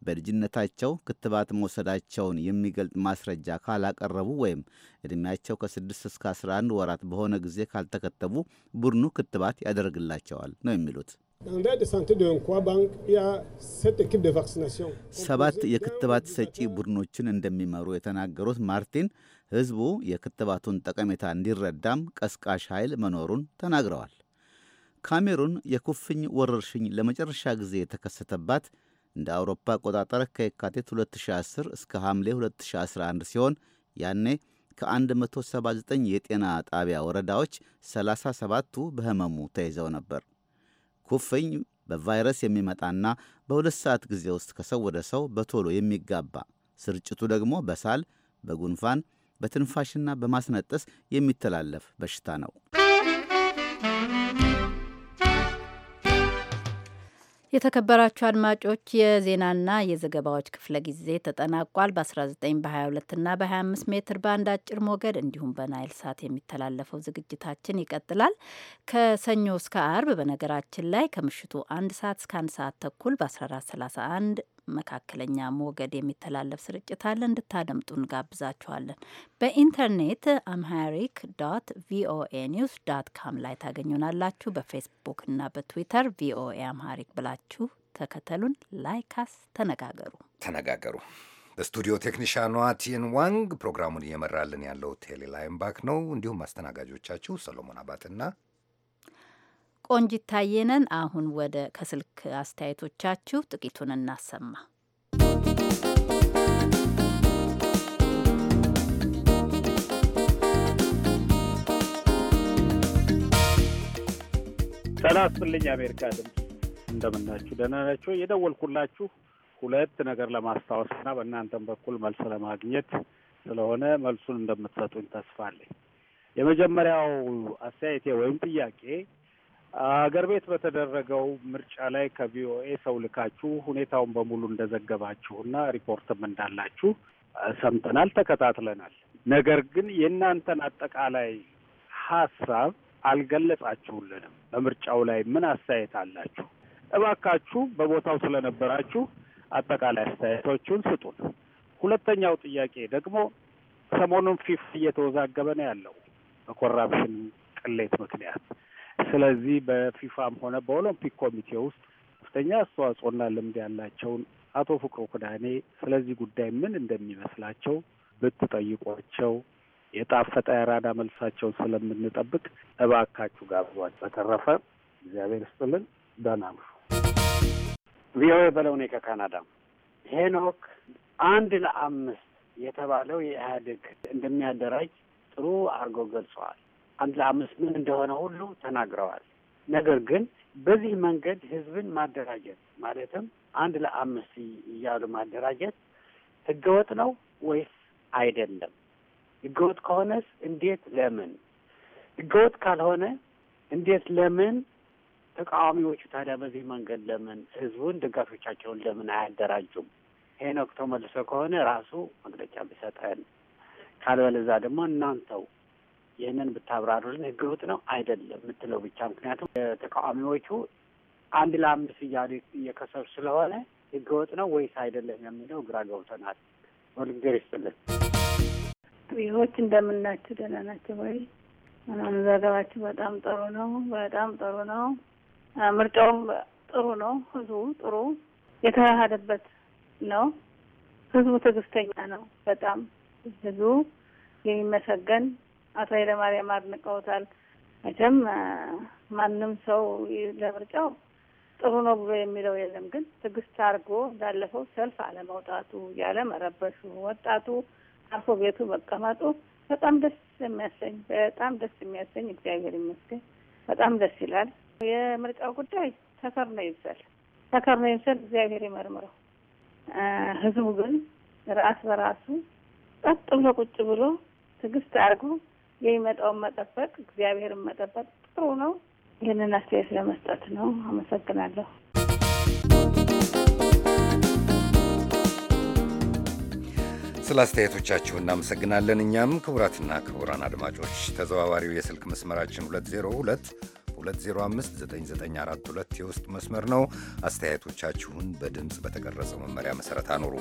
በልጅነታቸው ክትባት መውሰዳቸውን የሚገልጥ ማስረጃ ካላቀረቡ ወይም ዕድሜያቸው ከ6 እስከ 11 ወራት በሆነ ጊዜ ካልተከተቡ ቡድኑ ክትባት ያደርግላቸዋል ነው የሚሉት። ሰባት የክትባት ሰጪ ቡድኖችን እንደሚመሩ የተናገሩት ማርቲን ሕዝቡ የክትባቱን ጠቀሜታ እንዲረዳም ቀስቃሽ ኃይል መኖሩን ተናግረዋል። ካሜሩን የኩፍኝ ወረርሽኝ ለመጨረሻ ጊዜ የተከሰተባት እንደ አውሮፓ አቆጣጠር ከየካቴት 2010 እስከ ሐምሌ 2011 ሲሆን ያኔ ከ179 የጤና ጣቢያ ወረዳዎች 37ቱ በህመሙ ተይዘው ነበር። ኩፍኝ በቫይረስ የሚመጣና በሁለት ሰዓት ጊዜ ውስጥ ከሰው ወደ ሰው በቶሎ የሚጋባ ስርጭቱ ደግሞ በሳል፣ በጉንፋን፣ በትንፋሽና በማስነጠስ የሚተላለፍ በሽታ ነው። የተከበራችሁ አድማጮች የዜናና የዘገባዎች ክፍለ ጊዜ ተጠናቋል። በ19 በ22ና በ25 ሜትር ባንድ አጭር ሞገድ እንዲሁም በናይል ሳት የሚተላለፈው ዝግጅታችን ይቀጥላል። ከሰኞ እስከ አርብ በነገራችን ላይ ከምሽቱ አንድ ሰዓት እስከ አንድ ሰዓት ተኩል በ1431 መካከለኛ ሞገድ የሚተላለፍ ስርጭት አለ። እንድታደምጡ እንጋብዛችኋለን። በኢንተርኔት አምሃሪክ ዶት ቪኦኤ ኒውስ ዶት ካም ላይ ታገኙናላችሁ። በፌስቡክ እና በትዊተር ቪኦኤ አምሃሪክ ብላችሁ ተከተሉን። ላይካስ ተነጋገሩ ተነጋገሩ። በስቱዲዮ ቴክኒሻኗ ቲን ዋንግ፣ ፕሮግራሙን እየመራልን ያለው ቴሌላይምባክ ነው። እንዲሁም አስተናጋጆቻችሁ ሰሎሞን አባትና ቆንጂት ታየነን። አሁን ወደ ከስልክ አስተያየቶቻችሁ ጥቂቱን እናሰማ። ሰላም ስጥልኝ። አሜሪካ ድምፅ እንደምናችሁ ደህና ናችሁ? የደወልኩላችሁ ሁለት ነገር ለማስታወስ እና በእናንተም በኩል መልስ ለማግኘት ስለሆነ መልሱን እንደምትሰጡኝ ተስፋ አለኝ። የመጀመሪያው አስተያየቴ ወይም ጥያቄ አገር ቤት በተደረገው ምርጫ ላይ ከቪኦኤ ሰው ልካችሁ ሁኔታውን በሙሉ እንደዘገባችሁና ሪፖርትም እንዳላችሁ ሰምተናል፣ ተከታትለናል። ነገር ግን የእናንተን አጠቃላይ ሀሳብ አልገለጻችሁልንም። በምርጫው ላይ ምን አስተያየት አላችሁ? እባካችሁ በቦታው ስለነበራችሁ አጠቃላይ አስተያየቶቹን ስጡን። ሁለተኛው ጥያቄ ደግሞ ሰሞኑን ፊፍ እየተወዛገበ ነው ያለው በኮራፕሽን ቅሌት ምክንያት ስለዚህ በፊፋም ሆነ በኦሎምፒክ ኮሚቴ ውስጥ ከፍተኛ አስተዋጽኦና ልምድ ያላቸውን አቶ ፍቅሩ ክዳኔ ስለዚህ ጉዳይ ምን እንደሚመስላቸው ብትጠይቋቸው የጣፈጠ የራዳ መልሳቸውን ስለምንጠብቅ እባካችሁ ጋብዟቸው። በተረፈ እግዚአብሔር ስጥልን በናም ቪኦኤ በለው። እኔ ከካናዳ ሄኖክ አንድ ለአምስት የተባለው የኢህአዴግ እንደሚያደራጅ ጥሩ አድርገው ገልጸዋል። አንድ ለአምስት ምን እንደሆነ ሁሉ ተናግረዋል። ነገር ግን በዚህ መንገድ ህዝብን ማደራጀት ማለትም አንድ ለአምስት እያሉ ማደራጀት ህገወጥ ነው ወይስ አይደለም? ህገወጥ ከሆነስ እንዴት ለምን? ህገወጥ ካልሆነ እንዴት ለምን ተቃዋሚዎቹ ታዲያ በዚህ መንገድ ለምን ህዝቡን ደጋፊዎቻቸውን ለምን አያደራጁም? ሄኖክ ተመልሶ ከሆነ ራሱ መግለጫ ቢሰጠን፣ ካልበለዛ ደግሞ እናንተው ይህንን ብታብራሩልን ወጥ ነው አይደለም የምትለው ብቻ። ምክንያቱም ተቃዋሚዎቹ አንድ ለአምስት እያሉ እየከሰሩ ስለሆነ ህገወጥ ነው ወይስ አይደለም የሚለው ግራ ገብቶናል። ወልግር ይስጥልን። ይዎች እንደምናችሁ ደህና ናቸው ወይ? ምናምን ዘገባችሁ በጣም ጥሩ ነው። በጣም ጥሩ ነው። ምርጫውም ጥሩ ነው። ህዝቡ ጥሩ የተዋህደበት ነው። ህዝቡ ትዕግስተኛ ነው። በጣም ህዝቡ የሚመሰገን አቶ ኃይለማርያም አድንቀውታል። መቼም ማንም ሰው ለምርጫው ጥሩ ነው ብሎ የሚለው የለም። ግን ትዕግስት አድርጎ እንዳለፈው ሰልፍ አለመውጣቱ፣ ያለ መረበሹ፣ ወጣቱ አርፎ ቤቱ መቀመጡ በጣም ደስ የሚያሰኝ በጣም ደስ የሚያሰኝ እግዚአብሔር ይመስገን በጣም ደስ ይላል። የምርጫው ጉዳይ ተከር ነው ይብሰል፣ ተከር ነው ይብሰል፣ እግዚአብሔር ይመርምረው። ህዝቡ ግን ራስ በራሱ ቀጥ ብሎ ቁጭ ብሎ ትዕግስት አድርጎ የሚመጣውን መጠበቅ እግዚአብሔርን መጠበቅ ጥሩ ነው። ይህንን አስተያየት ለመስጠት ነው። አመሰግናለሁ። ስለ አስተያየቶቻችሁ እናመሰግናለን። እኛም ክቡራትና ክቡራን አድማጮች ተዘዋዋሪው የስልክ መስመራችን 202 205994 የውስጥ መስመር ነው። አስተያየቶቻችሁን በድምፅ በተቀረጸው መመሪያ መሰረት አኖሩ።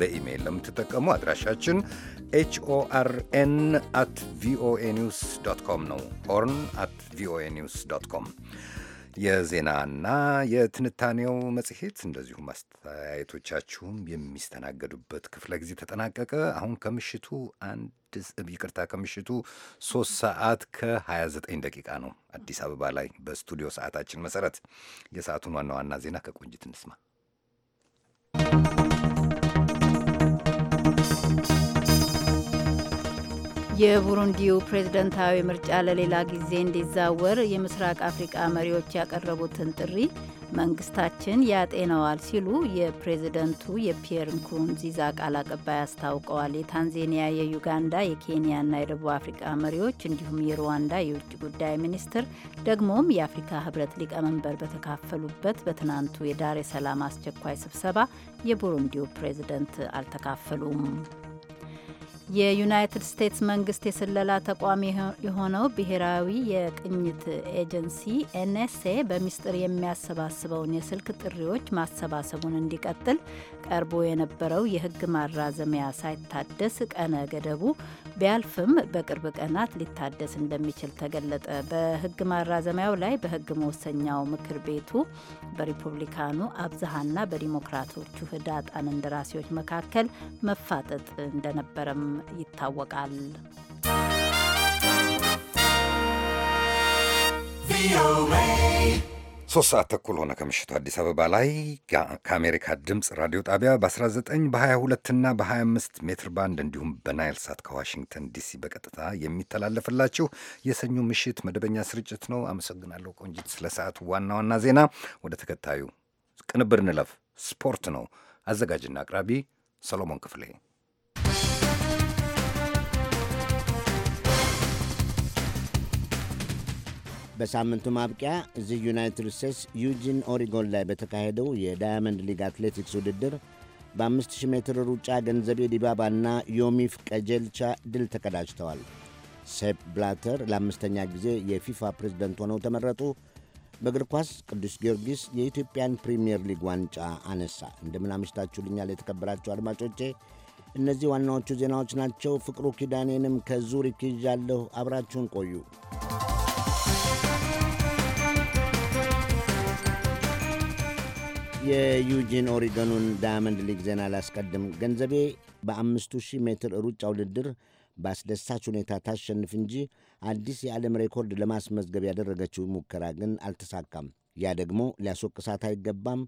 በኢሜይል ለምትጠቀሙ አድራሻችን ኤችኦአርኤን አት ቪኦኤ ኒውስ ዶት ኮም ነው። ሆርን አት ቪኦኤ ኒውስ ዶት ኮም የዜናና የትንታኔው መጽሔት እንደዚሁም አስተያየቶቻችሁም የሚስተናገዱበት ክፍለ ጊዜ ተጠናቀቀ። አሁን ከምሽቱ አንድ ይቅርታ ከምሽቱ ሶስት ሰዓት ከ29 ደቂቃ ነው አዲስ አበባ ላይ በስቱዲዮ ሰዓታችን መሰረት የሰዓቱን ዋና ዋና ዜና ከቆንጅት እንስማ። የቡሩንዲው ፕሬዝደንታዊ ምርጫ ለሌላ ጊዜ እንዲዛወር የምስራቅ አፍሪቃ መሪዎች ያቀረቡትን ጥሪ መንግስታችን ያጤነዋል ሲሉ የፕሬዝደንቱ የፒየር ንኩሩንዚዛ ቃል አቀባይ አስታውቀዋል። የታንዜኒያ፣ የዩጋንዳ፣ የኬንያና የደቡብ አፍሪቃ መሪዎች እንዲሁም የሩዋንዳ የውጭ ጉዳይ ሚኒስትር ደግሞም የአፍሪካ ህብረት ሊቀመንበር በተካፈሉበት በትናንቱ የዳሬ ሰላም አስቸኳይ ስብሰባ የቡሩንዲው ፕሬዝደንት አልተካፈሉም። የዩናይትድ ስቴትስ መንግስት የስለላ ተቋም የሆነው ብሔራዊ የቅኝት ኤጀንሲ ኤንኤስኤ በሚስጥር የሚያሰባስበውን የስልክ ጥሪዎች ማሰባሰቡን እንዲቀጥል ቀርቦ የነበረው የሕግ ማራዘሚያ ሳይታደስ ቀነ ገደቡ ቢያልፍም በቅርብ ቀናት ሊታደስ እንደሚችል ተገለጠ። በሕግ ማራዘሚያው ላይ በሕግ መወሰኛው ምክር ቤቱ በሪፑብሊካኑ አብዛሃና በዲሞክራቶቹ ህዳጣን እንደራሴዎች መካከል መፋጠጥ እንደነበረም ይታወቃል። ሶስት ሰዓት ተኩል ሆነ ከምሽቱ አዲስ አበባ ላይ ከአሜሪካ ድምፅ ራዲዮ ጣቢያ በ19 በ22 እና በ25 ሜትር ባንድ እንዲሁም በናይል ሳት ከዋሽንግተን ዲሲ በቀጥታ የሚተላለፍላችሁ የሰኞ ምሽት መደበኛ ስርጭት ነው። አመሰግናለሁ ቆንጂት። ስለ ሰዓቱ ዋና ዋና ዜና ወደ ተከታዩ ቅንብር እንለፍ። ስፖርት ነው። አዘጋጅና አቅራቢ ሰሎሞን ክፍሌ በሳምንቱ ማብቂያ እዚህ ዩናይትድ ስቴትስ ዩጂን ኦሪጎን ላይ በተካሄደው የዳያመንድ ሊግ አትሌቲክስ ውድድር በ5000 ሜትር ሩጫ ገንዘቤ ዲባባና ዮሚፍ ቀጀልቻ ድል ተቀዳጅተዋል። ሴፕ ብላተር ለአምስተኛ ጊዜ የፊፋ ፕሬዝደንት ሆነው ተመረጡ። በእግር ኳስ ቅዱስ ጊዮርጊስ የኢትዮጵያን ፕሪምየር ሊግ ዋንጫ አነሳ። እንደምን አምሽታችሁልኛል የተከበራችሁ አድማጮቼ። እነዚህ ዋናዎቹ ዜናዎች ናቸው። ፍቅሩ ኪዳኔንም ከዙሪክ ይዣለሁ። አብራችሁን ቆዩ። የዩጂን ኦሪገኑን ዳያመንድ ሊግ ዜና ላስቀድም። ገንዘቤ በአምስቱ ሺህ ሜትር ሩጫ ውድድር በአስደሳች ሁኔታ ታሸንፍ እንጂ አዲስ የዓለም ሬኮርድ ለማስመዝገብ ያደረገችው ሙከራ ግን አልተሳካም። ያ ደግሞ ሊያስወቅሳት አይገባም።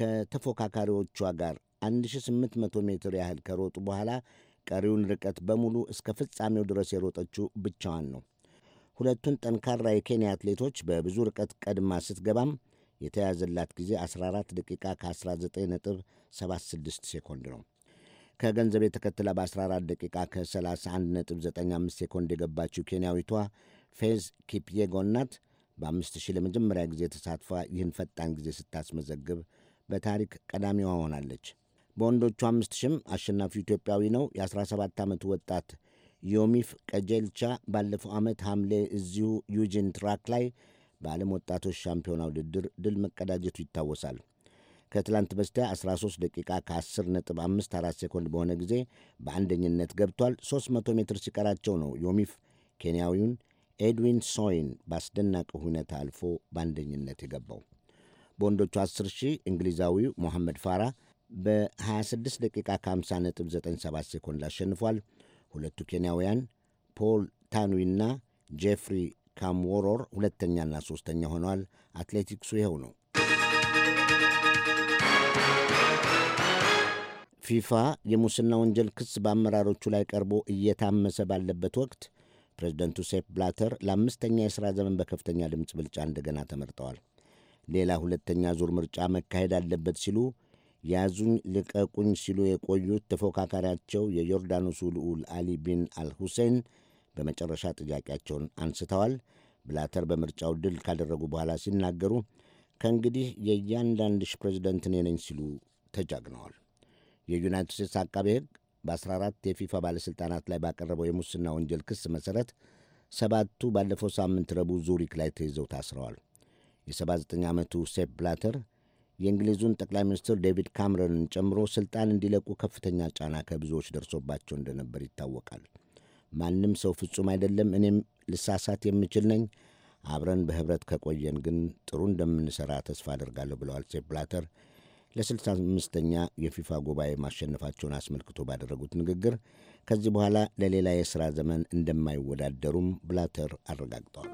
ከተፎካካሪዎቿ ጋር 1800 ሜትር ያህል ከሮጡ በኋላ ቀሪውን ርቀት በሙሉ እስከ ፍጻሜው ድረስ የሮጠችው ብቻዋን ነው። ሁለቱን ጠንካራ የኬንያ አትሌቶች በብዙ ርቀት ቀድማ ስትገባም የተያዘላት ጊዜ 14 ደቂቃ ከ19.76 ሴኮንድ ነው። ከገንዘብ የተከትላ በ14 ደቂቃ ከ31.95 ሴኮንድ የገባችው ኬንያዊቷ ፌዝ ኪፕዬጎን ናት። በ5000 ለመጀመሪያ ጊዜ ተሳትፏ ይህን ፈጣን ጊዜ ስታስመዘግብ በታሪክ ቀዳሚዋ ሆናለች። በወንዶቹ 5000 አሸናፊ አሸናፊው ኢትዮጵያዊ ነው። የ17 ዓመቱ ወጣት ዮሚፍ ቀጀልቻ ባለፈው ዓመት ሐምሌ እዚሁ ዩጂን ትራክ ላይ በዓለም ወጣቶች ሻምፒዮና ውድድር ድል መቀዳጀቱ ይታወሳል። ከትላንት በስቲያ 13 ደቂቃ ከ 54 ሴኮንድ በሆነ ጊዜ በአንደኝነት ገብቷል። 300 ሜትር ሲቀራቸው ነው ዮሚፍ ኬንያዊውን ኤድዊን ሶይን በአስደናቂ ሁኔታ አልፎ በአንደኝነት የገባው። በወንዶቹ 10 ሺህ እንግሊዛዊው ሞሐመድ ፋራ በ26 ደቂቃ ከ50.97 ሴኮንድ አሸንፏል። ሁለቱ ኬንያውያን ፖል ታንዊና ጄፍሪ ካምወሮር ሁለተኛና ሦስተኛ ሆነዋል። አትሌቲክሱ ይኸው ነው። ፊፋ የሙስና ወንጀል ክስ በአመራሮቹ ላይ ቀርቦ እየታመሰ ባለበት ወቅት ፕሬዚደንቱ ሴፕ ብላተር ለአምስተኛ የሥራ ዘመን በከፍተኛ ድምፅ ብልጫ እንደገና ተመርጠዋል። ሌላ ሁለተኛ ዙር ምርጫ መካሄድ አለበት ሲሉ ያዙኝ ልቀቁኝ ሲሉ የቆዩት ተፎካካሪያቸው የዮርዳኖሱ ልዑል አሊ ቢን አልሁሴን በመጨረሻ ጥያቄያቸውን አንስተዋል። ብላተር በምርጫው ድል ካደረጉ በኋላ ሲናገሩ ከእንግዲህ የእያንዳንድሽ ፕሬዚደንት እኔ ነኝ ሲሉ ተጃግነዋል። የዩናይትድ ስቴትስ አቃቤ ሕግ በ14 የፊፋ ባለሥልጣናት ላይ ባቀረበው የሙስና ወንጀል ክስ መሠረት ሰባቱ ባለፈው ሳምንት ረቡዕ ዙሪክ ላይ ተይዘው ታስረዋል። የ79 ዓመቱ ሴፕ ብላተር የእንግሊዙን ጠቅላይ ሚኒስትር ዴቪድ ካምረንን ጨምሮ ስልጣን እንዲለቁ ከፍተኛ ጫና ከብዙዎች ደርሶባቸው እንደነበር ይታወቃል። ማንም ሰው ፍጹም አይደለም። እኔም ልሳሳት የምችል ነኝ። አብረን በህብረት ከቆየን ግን ጥሩ እንደምንሰራ ተስፋ አደርጋለሁ ብለዋል ሴፕ ብላተር ለስልሳ አምስተኛ የፊፋ ጉባኤ ማሸነፋቸውን አስመልክቶ ባደረጉት ንግግር ከዚህ በኋላ ለሌላ የሥራ ዘመን እንደማይወዳደሩም ብላተር አረጋግጠዋል።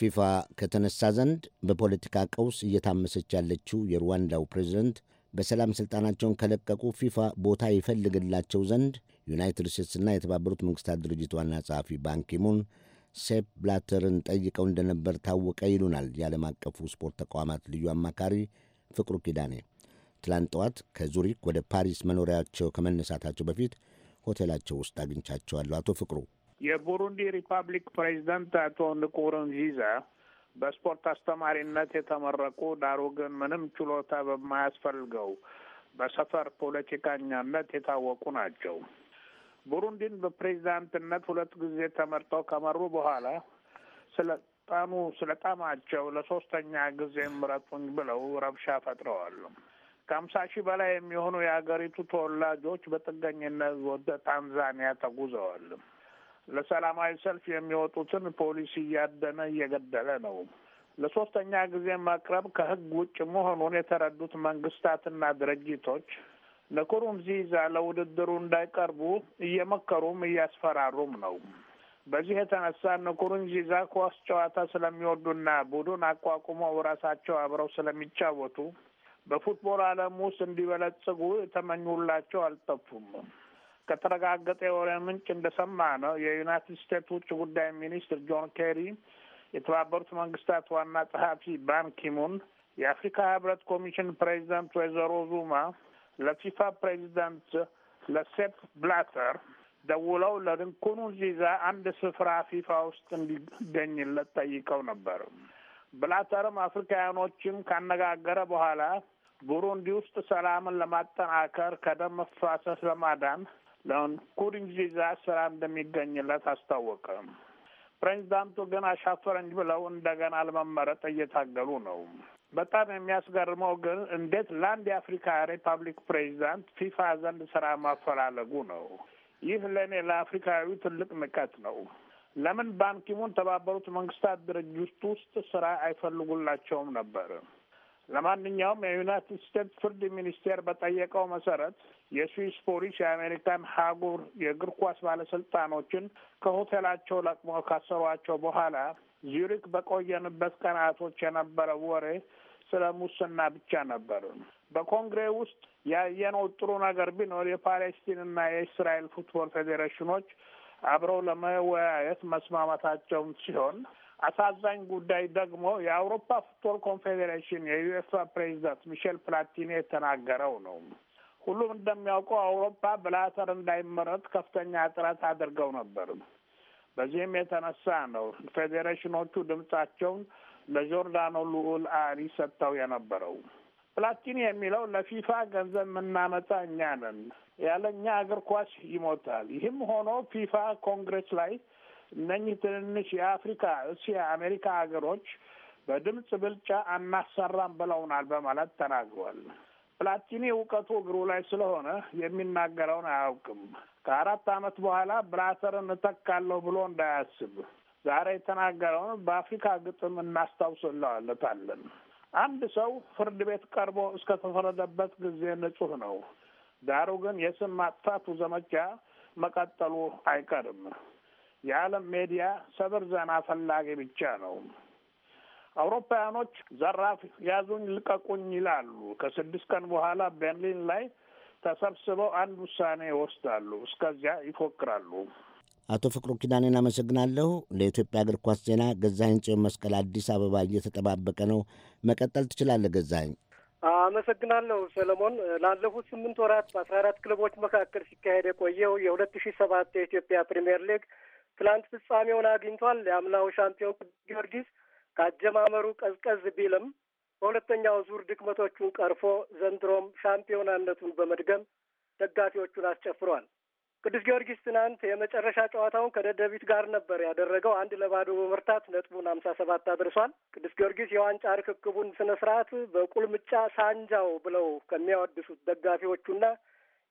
ፊፋ ከተነሳ ዘንድ በፖለቲካ ቀውስ እየታመሰች ያለችው የሩዋንዳው ፕሬዚደንት በሰላም ሥልጣናቸውን ከለቀቁ ፊፋ ቦታ ይፈልግላቸው ዘንድ ዩናይትድ ስቴትስና የተባበሩት መንግሥታት ድርጅት ዋና ጸሐፊ ባንኪሙን ሴፕ ብላተርን ጠይቀው እንደነበር ታወቀ ይሉናል የዓለም አቀፉ ስፖርት ተቋማት ልዩ አማካሪ ፍቅሩ ኪዳኔ። ትላንት ጠዋት ከዙሪክ ወደ ፓሪስ መኖሪያቸው ከመነሳታቸው በፊት ሆቴላቸው ውስጥ አግኝቻቸዋለሁ። አቶ ፍቅሩ የቡሩንዲ ሪፐብሊክ ፕሬዚደንት አቶ ንኩሩንዚዛ በስፖርት አስተማሪነት የተመረቁ ዳሩ ግን ምንም ችሎታ በማያስፈልገው በሰፈር ፖለቲከኛነት የታወቁ ናቸው። ቡሩንዲን በፕሬዚዳንትነት ሁለት ጊዜ ተመርጠው ከመሩ በኋላ ስልጣኑ ስለጣማቸው ለሶስተኛ ጊዜ ምረጡኝ ብለው ረብሻ ፈጥረዋል። ከሀምሳ ሺህ በላይ የሚሆኑ የሀገሪቱ ተወላጆች በጥገኝነት ወደ ታንዛኒያ ተጉዘዋል። ለሰላማዊ ሰልፍ የሚወጡትን ፖሊስ እያደነ እየገደለ ነው። ለሶስተኛ ጊዜ መቅረብ ከህግ ውጭ መሆኑን የተረዱት መንግስታትና ድርጅቶች ንኩሩንዚዛ ለውድድሩ እንዳይቀርቡ እየመከሩም እያስፈራሩም ነው። በዚህ የተነሳ ንኩሩንዚዛ ኳስ ጨዋታ ስለሚወዱና ቡድን አቋቁመው ራሳቸው አብረው ስለሚጫወቱ በፉትቦል ዓለም ውስጥ እንዲበለጽጉ የተመኙላቸው አልጠፉም። ከተረጋገጠ የወሬ ምንጭ እንደሰማ ነው የዩናይትድ ስቴትስ ውጭ ጉዳይ ሚኒስትር ጆን ኬሪ፣ የተባበሩት መንግስታት ዋና ጸሐፊ ባንኪሙን፣ የአፍሪካ ህብረት ኮሚሽን ፕሬዚደንት ወይዘሮ ዙማ ለፊፋ ፕሬዚደንት ለሴፕ ብላተር ደውለው ዚዛ አንድ ስፍራ ፊፋ ውስጥ እንዲገኝለት ጠይቀው ነበር። ብላተርም አፍሪካውያኖችን ካነጋገረ በኋላ ቡሩንዲ ውስጥ ሰላምን ለማጠናከር ከደም መፋሰስ ለማዳን ለአሁን ኩሪንዚዛ ስራ እንደሚገኝለት አስታወቀ። ፕሬዚዳንቱ ግን አሻፈረኝ ብለው እንደገና ለመመረጥ እየታገሉ ነው። በጣም የሚያስገርመው ግን እንዴት ለአንድ የአፍሪካ ሪፐብሊክ ፕሬዚዳንት ፊፋ ዘንድ ስራ ማፈላለጉ ነው። ይህ ለእኔ ለአፍሪካዊ ትልቅ ንቀት ነው። ለምን ባንኪሙን ተባበሩት መንግስታት ድርጅት ውስጥ ስራ አይፈልጉላቸውም ነበር? ለማንኛውም የዩናይትድ ስቴትስ ፍርድ ሚኒስቴር በጠየቀው መሰረት የስዊስ ፖሊስ የአሜሪካን ሀጉር የእግር ኳስ ባለስልጣኖችን ከሆቴላቸው ለቅሞ ካሰሯቸው በኋላ ዚሪክ በቆየንበት ቀናቶች የነበረው ወሬ ስለ ሙስና ብቻ ነበር። በኮንግሬ ውስጥ ያየነው ጥሩ ነገር ቢኖር የፓሌስቲንና የእስራኤል ፉትቦል ፌዴሬሽኖች አብረው ለመወያየት መስማማታቸውን ሲሆን አሳዛኝ ጉዳይ ደግሞ የአውሮፓ ፉትቦል ኮንፌዴሬሽን የዩኤፋ ፕሬዚዳንት ሚሼል ፕላቲኒ የተናገረው ነው። ሁሉም እንደሚያውቀው አውሮፓ ብላተር እንዳይመረት ከፍተኛ ጥረት አድርገው ነበር። በዚህም የተነሳ ነው ፌዴሬሽኖቹ ድምጻቸውን ለጆርዳኖ ልዑል አሊ ሰጥተው የነበረው። ፕላቲኒ የሚለው ለፊፋ ገንዘብ የምናመጣ እኛ ነን፣ ያለ እኛ እግር ኳስ ይሞታል። ይህም ሆኖ ፊፋ ኮንግሬስ ላይ እነኚህ ትንንሽ የአፍሪካ፣ እስያ፣ አሜሪካ ሀገሮች በድምፅ ብልጫ አናሰራም ብለውናል በማለት ተናግሯል። ፕላቲኒ እውቀቱ እግሩ ላይ ስለሆነ የሚናገረውን አያውቅም። ከአራት ዓመት በኋላ ብላተርን እተካለሁ ብሎ እንዳያስብ ዛሬ የተናገረውን በአፍሪካ ግጥም እናስታውስለዋለታለን። አንድ ሰው ፍርድ ቤት ቀርቦ እስከተፈረደበት ጊዜ ንጹህ ነው። ዳሩ ግን የስም ማጥፋቱ ዘመቻ መቀጠሉ አይቀርም። የዓለም ሜዲያ ሰብር ዘና ፈላጊ ብቻ ነው። አውሮፓውያኖች ዘራፍ ያዙኝ ልቀቁኝ ይላሉ። ከስድስት ቀን በኋላ በርሊን ላይ ተሰብስበው አንድ ውሳኔ ይወስዳሉ። እስከዚያ ይፎክራሉ። አቶ ፍቅሩ ኪዳኔን አመሰግናለሁ። ለኢትዮጵያ እግር ኳስ ዜና ገዛኝ ጽዮን መስቀል አዲስ አበባ እየተጠባበቀ ነው። መቀጠል ትችላለህ ገዛኝ አመሰግናለሁ ሰለሞን። ላለፉት ስምንት ወራት በአስራ አራት ክለቦች መካከል ሲካሄድ የቆየው የሁለት ሺ ሰባት የኢትዮጵያ ፕሪምየር ሊግ ትላንት ፍጻሜውን አግኝቷል። የአምናው ሻምፒዮን ጊዮርጊስ ከአጀማመሩ ቀዝቀዝ ቢልም በሁለተኛው ዙር ድክመቶቹን ቀርፎ ዘንድሮም ሻምፒዮናነቱን በመድገም ደጋፊዎቹን አስጨፍሯል። ቅዱስ ጊዮርጊስ ትናንት የመጨረሻ ጨዋታውን ከደደቢት ጋር ነበር ያደረገው። አንድ ለባዶ በመርታት ነጥቡን ሀምሳ ሰባት አድርሷል። ቅዱስ ጊዮርጊስ የዋንጫ ርክክቡን ስነ ስርዓት በቁልምጫ ሳንጃው ብለው ከሚያወድሱት ደጋፊዎቹና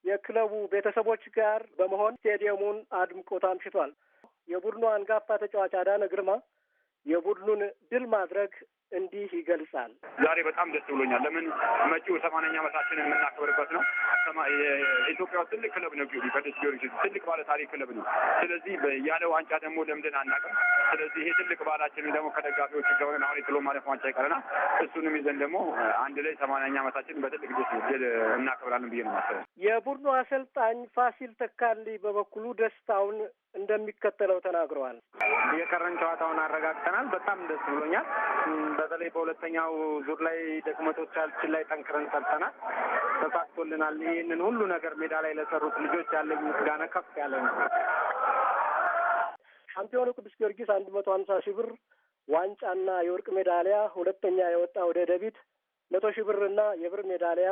የክለቡ ቤተሰቦች ጋር በመሆን ስቴዲየሙን አድምቆ ታምሽቷል። የቡድኑ አንጋፋ ተጫዋች አዳነ ግርማ የቡድኑን ድል ማድረግ እንዲህ ይገልጻል። ዛሬ በጣም ደስ ብሎኛል። ለምን መጪው ሰማንያኛ ዓመታችንን የምናከብርበት ነው። ኢትዮጵያ ትልቅ ክለብ ነው። ቅዱስ ጊዮርጊስ ትልቅ ባለ ታሪክ ክለብ ነው። ስለዚህ ያለ ዋንጫ ደግሞ ለምደን አናውቅም። ስለዚህ ይሄ ትልቅ ባህላችንን ደግሞ ከደጋፊዎች ከሆነ አሁን የጥሎ ማለፍ ዋንጫ ይቀረናል። እሱንም ይዘን ደግሞ አንድ ላይ ሰማንያኛ ዓመታችንን በትልቅ ደስ እናከብራለን ብዬ ነው ማሰብ። የቡድኑ አሰልጣኝ ፋሲል ተካልኝ በበኩሉ ደስታውን እንደሚከተለው ተናግረዋል። የቀረን ጨዋታውን አረጋግጠናል። በጣም ደስ ብሎኛል። በተለይ በሁለተኛው ዙር ላይ ድክመቶቻችን ላይ ጠንክረን ሰርተናል፣ ተሳክቶልናል። ይህንን ሁሉ ነገር ሜዳ ላይ ለሰሩት ልጆች ያለኝ ምስጋና ከፍ ያለ ነው። ሻምፒዮኑ ቅዱስ ጊዮርጊስ አንድ መቶ ሀምሳ ሺህ ብር ዋንጫና የወርቅ ሜዳሊያ፣ ሁለተኛ የወጣው ደደቢት መቶ ሺህ ብርና የብር ሜዳሊያ፣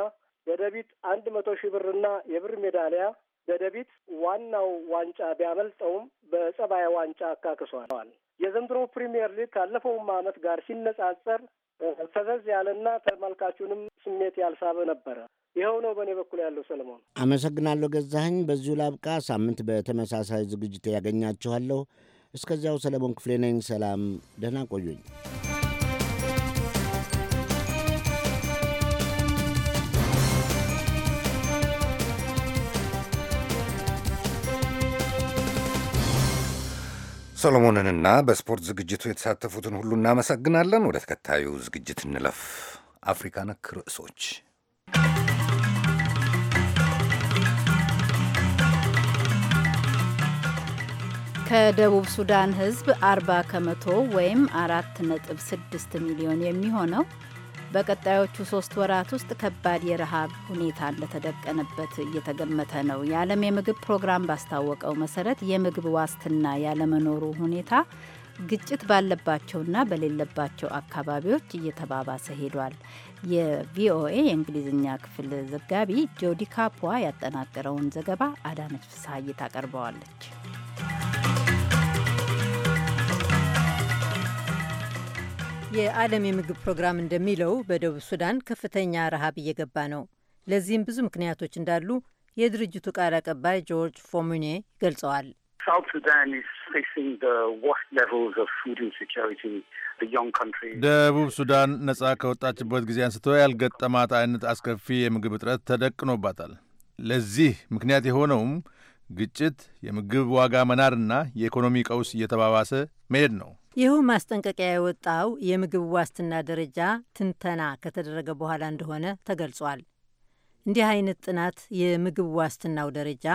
ደደቢት አንድ መቶ ሺህ ብርና የብር ሜዳሊያ። ደደቢት ዋናው ዋንጫ ቢያመልጠውም በጸባይ ዋንጫ አካክሷል። የዘንድሮ ፕሪሚየር ሊግ ካለፈውም ዓመት ጋር ሲነጻጸር ፈዘዝ ያለና ተመልካቹንም ስሜት ያልሳበ ነበረ። ይኸው ነው በእኔ በኩል ያለው። ሰለሞን አመሰግናለሁ። ገዛኸኝ፣ በዚሁ ላብቃ። ሳምንት በተመሳሳይ ዝግጅት ያገኛችኋለሁ። እስከዚያው ሰለሞን ክፍሌ ነኝ። ሰላም፣ ደህና ቆዩኝ። ሰሎሞንንና በስፖርት ዝግጅቱ የተሳተፉትን ሁሉ እናመሰግናለን። ወደ ተከታዩ ዝግጅት እንለፍ። አፍሪካ ነክ ርዕሶች ከደቡብ ሱዳን ሕዝብ 40 ከመቶ ወይም 4.6 ሚሊዮን የሚሆነው በቀጣዮቹ ሶስት ወራት ውስጥ ከባድ የረሃብ ሁኔታ እንደተደቀነበት እየተገመተ ነው። የዓለም የምግብ ፕሮግራም ባስታወቀው መሰረት የምግብ ዋስትና ያለመኖሩ ሁኔታ ግጭት ባለባቸውና በሌለባቸው አካባቢዎች እየተባባሰ ሄዷል። የቪኦኤ የእንግሊዝኛ ክፍል ዘጋቢ ጆዲ ካፖዋ ያጠናቀረውን ዘገባ አዳነች ፍስሀዬ ታቀርበዋለች። የዓለም የምግብ ፕሮግራም እንደሚለው በደቡብ ሱዳን ከፍተኛ ረሃብ እየገባ ነው። ለዚህም ብዙ ምክንያቶች እንዳሉ የድርጅቱ ቃል አቀባይ ጆርጅ ፎሙኔ ገልጸዋል። ደቡብ ሱዳን ነጻ ከወጣችበት ጊዜ አንስቶ ያልገጠማት አይነት አስከፊ የምግብ እጥረት ተደቅኖባታል። ለዚህ ምክንያት የሆነውም ግጭት፣ የምግብ ዋጋ መናርና የኢኮኖሚ ቀውስ እየተባባሰ መሄድ ነው። ይኸው ማስጠንቀቂያ የወጣው የምግብ ዋስትና ደረጃ ትንተና ከተደረገ በኋላ እንደሆነ ተገልጿል። እንዲህ አይነት ጥናት የምግብ ዋስትናው ደረጃ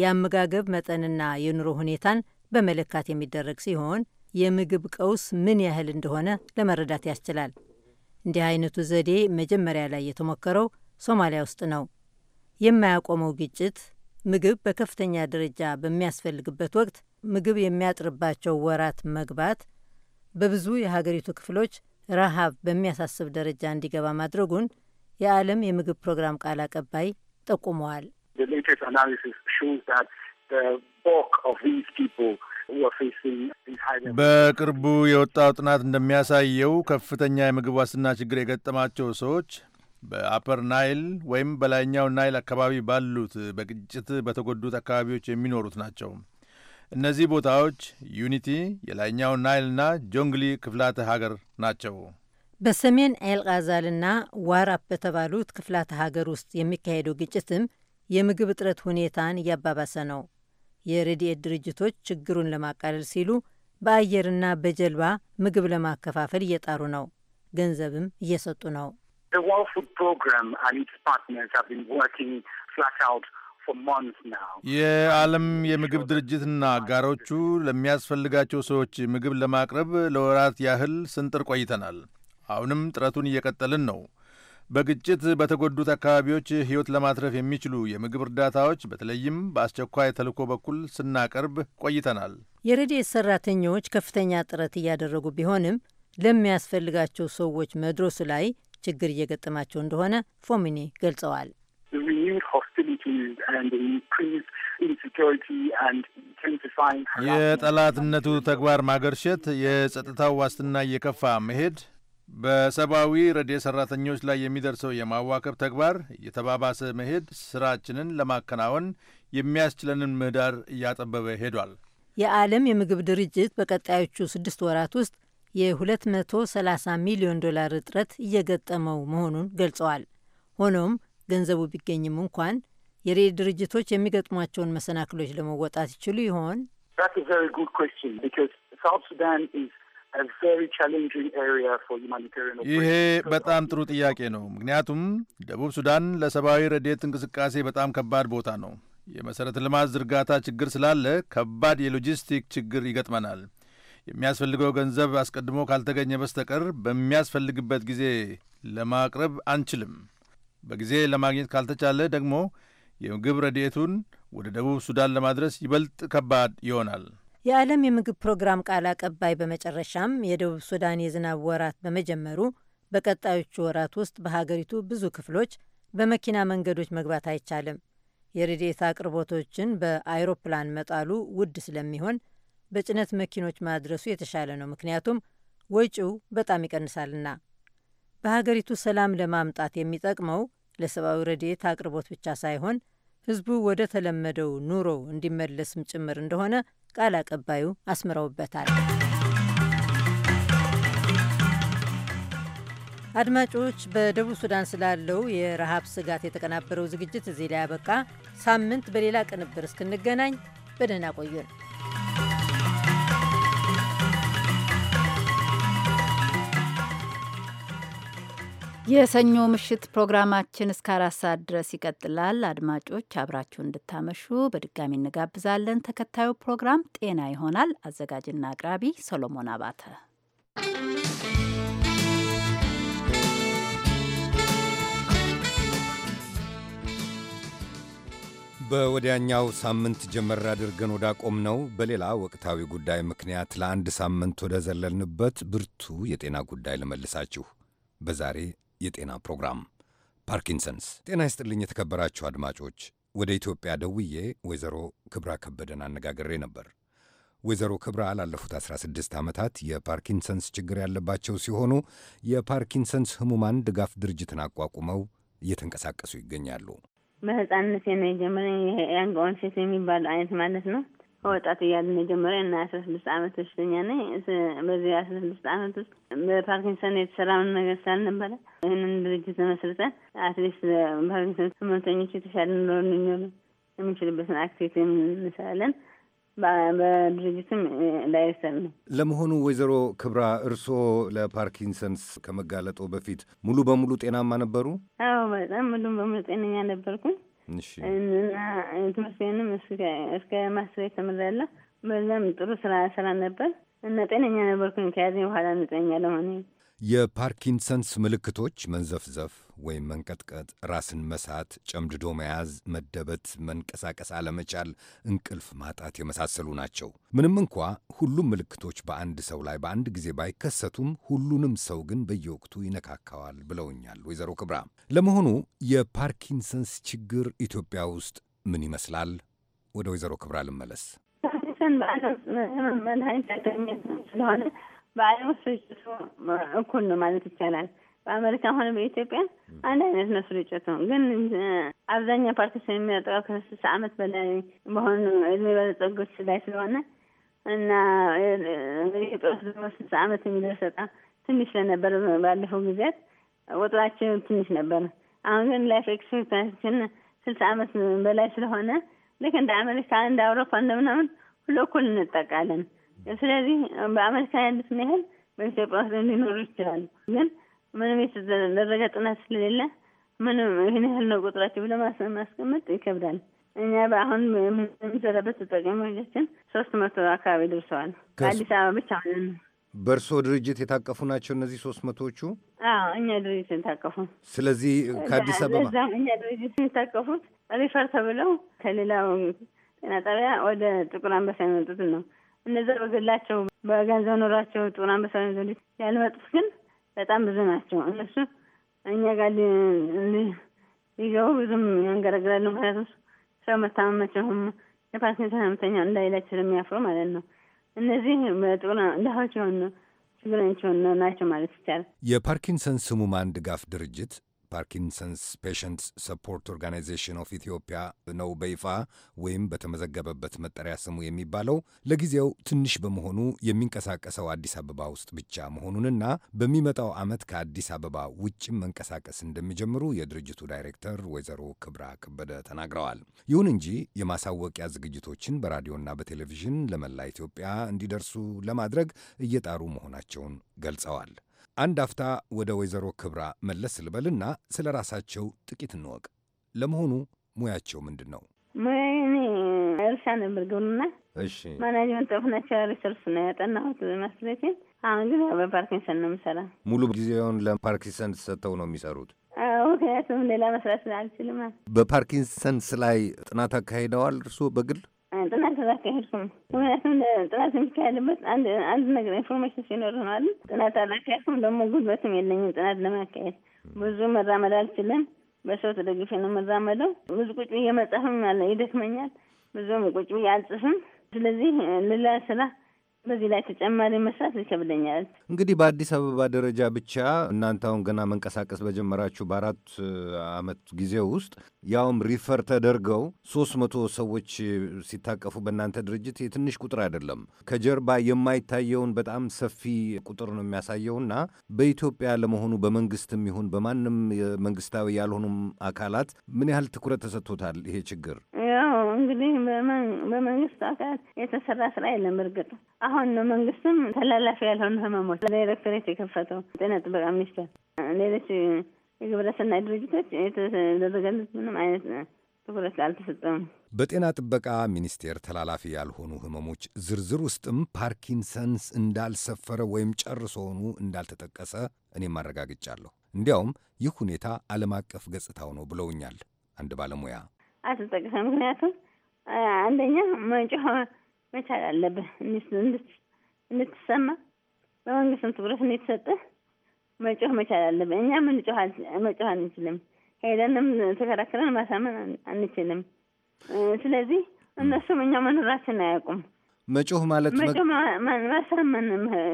የአመጋገብ መጠንና የኑሮ ሁኔታን በመለካት የሚደረግ ሲሆን የምግብ ቀውስ ምን ያህል እንደሆነ ለመረዳት ያስችላል። እንዲህ አይነቱ ዘዴ መጀመሪያ ላይ የተሞከረው ሶማሊያ ውስጥ ነው። የማያቆመው ግጭት ምግብ በከፍተኛ ደረጃ በሚያስፈልግበት ወቅት ምግብ የሚያጥርባቸው ወራት መግባት በብዙ የሀገሪቱ ክፍሎች ረሃብ በሚያሳስብ ደረጃ እንዲገባ ማድረጉን የዓለም የምግብ ፕሮግራም ቃል አቀባይ ጠቁመዋል። በቅርቡ የወጣው ጥናት እንደሚያሳየው ከፍተኛ የምግብ ዋስትና ችግር የገጠማቸው ሰዎች በአፐር ናይል ወይም በላይኛው ናይል አካባቢ ባሉት በግጭት በተጎዱት አካባቢዎች የሚኖሩት ናቸው። እነዚህ ቦታዎች ዩኒቲ፣ የላይኛው ናይልና ጆንግሊ ክፍላተ ሀገር ናቸው። በሰሜን ኤልቃዛልና ዋራፕ በተባሉት ክፍላተ ሀገር ውስጥ የሚካሄደው ግጭትም የምግብ እጥረት ሁኔታን እያባባሰ ነው። የረድኤት ድርጅቶች ችግሩን ለማቃለል ሲሉ በአየርና በጀልባ ምግብ ለማከፋፈል እየጣሩ ነው። ገንዘብም እየሰጡ ነው። የዓለም የምግብ ድርጅትና አጋሮቹ ለሚያስፈልጋቸው ሰዎች ምግብ ለማቅረብ ለወራት ያህል ስንጥር ቆይተናል። አሁንም ጥረቱን እየቀጠልን ነው። በግጭት በተጎዱት አካባቢዎች ሕይወት ለማትረፍ የሚችሉ የምግብ እርዳታዎች በተለይም በአስቸኳይ ተልእኮ በኩል ስናቀርብ ቆይተናል። የረድኤት ሰራተኞች ከፍተኛ ጥረት እያደረጉ ቢሆንም ለሚያስፈልጋቸው ሰዎች መድረሱ ላይ ችግር እየገጠማቸው እንደሆነ ፎሚኔ ገልጸዋል። የጠላትነቱ ተግባር ማገርሸት፣ የጸጥታው ዋስትና እየከፋ መሄድ፣ በሰብአዊ ረድ ሰራተኞች ላይ የሚደርሰው የማዋከብ ተግባር እየተባባሰ መሄድ ስራችንን ለማከናወን የሚያስችለንን ምህዳር እያጠበበ ሄዷል። የዓለም የምግብ ድርጅት በቀጣዮቹ ስድስት ወራት ውስጥ የ230 ሚሊዮን ዶላር እጥረት እየገጠመው መሆኑን ገልጸዋል። ሆኖም ገንዘቡ ቢገኝም እንኳን የሬድ ድርጅቶች የሚገጥሟቸውን መሰናክሎች ለመወጣት ይችሉ ይሆን? ይሄ በጣም ጥሩ ጥያቄ ነው። ምክንያቱም ደቡብ ሱዳን ለሰብአዊ ረድኤት እንቅስቃሴ በጣም ከባድ ቦታ ነው። የመሠረተ ልማት ዝርጋታ ችግር ስላለ ከባድ የሎጂስቲክ ችግር ይገጥመናል። የሚያስፈልገው ገንዘብ አስቀድሞ ካልተገኘ በስተቀር በሚያስፈልግበት ጊዜ ለማቅረብ አንችልም። በጊዜ ለማግኘት ካልተቻለ ደግሞ የምግብ ረድኤቱን ወደ ደቡብ ሱዳን ለማድረስ ይበልጥ ከባድ ይሆናል። የዓለም የምግብ ፕሮግራም ቃል አቀባይ በመጨረሻም የደቡብ ሱዳን የዝናብ ወራት በመጀመሩ በቀጣዮቹ ወራት ውስጥ በሀገሪቱ ብዙ ክፍሎች በመኪና መንገዶች መግባት አይቻልም፣ የረድኤት አቅርቦቶችን በአይሮፕላን መጣሉ ውድ ስለሚሆን በጭነት መኪኖች ማድረሱ የተሻለ ነው፣ ምክንያቱም ወጪው በጣም ይቀንሳልና። በሀገሪቱ ሰላም ለማምጣት የሚጠቅመው ለሰብአዊ ረድኤት አቅርቦት ብቻ ሳይሆን ህዝቡ ወደ ተለመደው ኑሮ እንዲመለስም ጭምር እንደሆነ ቃል አቀባዩ አስምረውበታል። አድማጮች፣ በደቡብ ሱዳን ስላለው የረሃብ ስጋት የተቀናበረው ዝግጅት እዚህ ላይ ያበቃ። ሳምንት በሌላ ቅንብር እስክንገናኝ በደህና ቆዩን። የሰኞ ምሽት ፕሮግራማችን እስከ አራት ሰዓት ድረስ ይቀጥላል። አድማጮች አብራችሁ እንድታመሹ በድጋሚ እንጋብዛለን። ተከታዩ ፕሮግራም ጤና ይሆናል። አዘጋጅና አቅራቢ ሰሎሞን አባተ። በወዲያኛው ሳምንት ጀመር አድርገን ነው። በሌላ ወቅታዊ ጉዳይ ምክንያት ለአንድ ሳምንት ወደ ዘለልንበት ብርቱ የጤና ጉዳይ ልመልሳችሁ በዛሬ የጤና ፕሮግራም ፓርኪንሰንስ። ጤና ይስጥልኝ የተከበራችሁ አድማጮች። ወደ ኢትዮጵያ ደውዬ ወይዘሮ ክብራ ከበደን አነጋግሬ ነበር። ወይዘሮ ክብራ ላለፉት 16 ዓመታት የፓርኪንሰንስ ችግር ያለባቸው ሲሆኑ የፓርኪንሰንስ ህሙማን ድጋፍ ድርጅትን አቋቁመው እየተንቀሳቀሱ ይገኛሉ። በህፃንነት ነው የጀመረ የያንግ ኦንሴት የሚባል አይነት ማለት ነው ወጣት እያለን የጀመረ እና አስራ ስድስት ዓመት በሽተኛ ነኝ። በዚህ አስራ ስድስት ዓመት ውስጥ በፓርኪንሰን የተሰራ ምን ነገር ስላልነበረ ይህንን ድርጅት ተመስርተን አትሊስት ፓርኪንሰን ህመምተኞች የተሻለ ኑሮ እንዲኖሩ የምንችልበትን አክቲቪቲ እንሰራለን። በድርጅትም ዳይሬክተር ነው። ለመሆኑ ወይዘሮ ክብራ እርስዎ ለፓርኪንሰንስ ከመጋለጦ በፊት ሙሉ በሙሉ ጤናማ ነበሩ? አዎ፣ በጣም ሙሉ በሙሉ ጤነኛ ነበርኩኝ። እና ትምህርት እስከ ማስተሬት ተምሬያለሁ። በዛም ጥሩ ስራ ስራ ነበር እና ጤነኛ ነበርኩኝ። ከያዘኝ በኋላ ነው ለሆነ የፓርኪንሰንስ ምልክቶች መንዘፍዘፍ ወይም መንቀጥቀጥ፣ ራስን መሳት፣ ጨምድዶ መያዝ፣ መደበት፣ መንቀሳቀስ አለመቻል፣ እንቅልፍ ማጣት የመሳሰሉ ናቸው። ምንም እንኳ ሁሉም ምልክቶች በአንድ ሰው ላይ በአንድ ጊዜ ባይከሰቱም ሁሉንም ሰው ግን በየወቅቱ ይነካካዋል ብለውኛል ወይዘሮ ክብራ። ለመሆኑ የፓርኪንሰንስ ችግር ኢትዮጵያ ውስጥ ምን ይመስላል? ወደ ወይዘሮ ክብራ ልመለስ። ፓርኪንሰን በዓለም መድኃኒት ያገኘ ስለሆነ በዓለም ስርጭቱ እኩል ነው ማለት ይቻላል። በአሜሪካ ሆነ በኢትዮጵያ አንድ አይነት ነው ስርጭቱ። ግን አብዛኛው ፓርቲስ የሚያጠቃው ከስልሳ ዓመት በላይ በሆኑ እድሜ ባለጸጎች ላይ ስለሆነ እና ኢትዮጵያ ውስጥ ደግሞ ስልሳ ዓመት የሚደርስ በጣም ትንሽ ስለነበር ባለፈው ጊዜያት ወጥራቸው ትንሽ ነበር። አሁን ግን ላይፍ ኤክስፔክታችን ስልሳ ዓመት በላይ ስለሆነ ልክ እንደ አሜሪካ እንደ አውሮፓ እንደምናምን ሁሉ እኩል እንጠቃለን። ስለዚህ በአሜሪካ ያሉት ያህል በኢትዮጵያ ውስጥ ሊኖሩ ይችላሉ። ግን ምንም የተደረገ ጥናት ስለሌለ ምንም ይህን ያህል ነው ቁጥራቸው ብለ ማስቀመጥ ይከብዳል። እኛ በአሁን የምንሰራበት ተጠቃሚዎቻችን ሶስት መቶ አካባቢ ደርሰዋል። አዲስ አበባ ብቻ ነው በእርስዎ ድርጅት የታቀፉ ናቸው እነዚህ ሶስት መቶዎቹ? አዎ እኛ ድርጅት የታቀፉ። ስለዚህ ከአዲስ አበባ እኛ ድርጅት የታቀፉት ሪፈር ተብለው ከሌላው ጤና ጣቢያ ወደ ጥቁር አንበሳ የመጡትን ነው እነዛ በገላቸው በገንዘብ ኖሯቸው ጡር አንበሳ ያልመጡት ግን በጣም ብዙ ናቸው። እነሱ እኛ ጋር ሊገቡ ብዙም ያንገረግራሉ። ምክንያቱም ሰው መታመመቸውም የፓስሜንት ህመምተኛ እንዳይላቸው ስለሚያፍሩ ማለት ነው። እነዚህ በጡር ድሆች የሆኑ ችግረኞች ናቸው ማለት ይቻላል። የፓርኪንሰንስ ህሙማን ድጋፍ ድርጅት ፓርኪንሰንስ ፔሸንትስ ሰፖርት ኦርጋናይዜሽን ኦፍ ኢትዮጵያ ነው በይፋ ወይም በተመዘገበበት መጠሪያ ስሙ የሚባለው። ለጊዜው ትንሽ በመሆኑ የሚንቀሳቀሰው አዲስ አበባ ውስጥ ብቻ መሆኑንና በሚመጣው ዓመት ከአዲስ አበባ ውጭም መንቀሳቀስ እንደሚጀምሩ የድርጅቱ ዳይሬክተር ወይዘሮ ክብራ ከበደ ተናግረዋል። ይሁን እንጂ የማሳወቂያ ዝግጅቶችን በራዲዮና በቴሌቪዥን ለመላ ኢትዮጵያ እንዲደርሱ ለማድረግ እየጣሩ መሆናቸውን ገልጸዋል። አንድ አፍታ ወደ ወይዘሮ ክብራ መለስ ልበልና ስለ ራሳቸው ጥቂት እንወቅ። ለመሆኑ ሙያቸው ምንድን ነው? ሙያዬ እርሻ ነበር፣ ግብርና። እሺ። ማናጅመንት ኦፍ ናቹራል ሪሶርስ ነው ያጠናሁት ማስትሬቴን። አሁን ግን በፓርኪንሰን ነው የምሰራ። ሙሉ ጊዜውን ለፓርኪንሰን ሰጥተው ነው የሚሰሩት? ምክንያቱም ሌላ መስራት አልችልም። በፓርኪንሰንስ ላይ ጥናት አካሂደዋል እርስዎ በግል? አላካሄድኩም። ምክንያቱም ጥናት የሚካሄድበት አንድ ነገር ኢንፎርሜሽን ሲኖር ነው አይደል? ጥናት አላካሄድኩም። ደግሞ ጉልበትም የለኝም ጥናት ለማካሄድ ብዙ መራመድ አልችልም። በሰው ተደግፌ ነው መራመደው። ብዙ ቁጭ ብዬ መጻፍም አለ ይደክመኛል። ብዙም ቁጭ ብዬ አልጽፍም። ስለዚህ ሌላ ስራ በዚህ ላይ ተጨማሪ መስራት ይከብደኛል። እንግዲህ በአዲስ አበባ ደረጃ ብቻ እናንተ አሁን ገና መንቀሳቀስ በጀመራችሁ በአራት አመት ጊዜ ውስጥ ያውም ሪፈር ተደርገው ሶስት መቶ ሰዎች ሲታቀፉ በእናንተ ድርጅት የትንሽ ቁጥር አይደለም። ከጀርባ የማይታየውን በጣም ሰፊ ቁጥር ነው የሚያሳየውና በኢትዮጵያ ለመሆኑ በመንግስትም ይሁን በማንም መንግስታዊ ያልሆኑም አካላት ምን ያህል ትኩረት ተሰጥቶታል ይሄ ችግር? እንግዲህ በመንግስት አካል የተሰራ ስራ የለም። እርግጥ አሁን ነው መንግስትም ተላላፊ ያልሆኑ ህመሞች ዳይሬክቶሬት የከፈተው ጤና ጥበቃ ሚኒስቴር፣ ሌሎች የግብረሰናይ ድርጅቶች የተደረገለት ምንም አይነት ትኩረት አልተሰጠውም። በጤና ጥበቃ ሚኒስቴር ተላላፊ ያልሆኑ ህመሞች ዝርዝር ውስጥም ፓርኪንሰንስ እንዳልሰፈረ ወይም ጨርሶውኑ እንዳልተጠቀሰ እኔም አረጋግጫለሁ። እንዲያውም ይህ ሁኔታ ዓለም አቀፍ ገጽታው ነው ብለውኛል አንድ ባለሙያ አልተጠቀሰ ምክንያቱም አንደኛ መጮህ መቻል አለብህ እንድትሰማ በመንግስትም ትኩረት እንዲሰጥህ መጮህ መቻል አለብህ። እኛ መጮህ አንችልም፣ ሄደንም ተከራክረን ማሳመን አንችልም። ስለዚህ እነሱም እኛ መኖራችን አያውቁም። መጮህ ማለት ማሳመን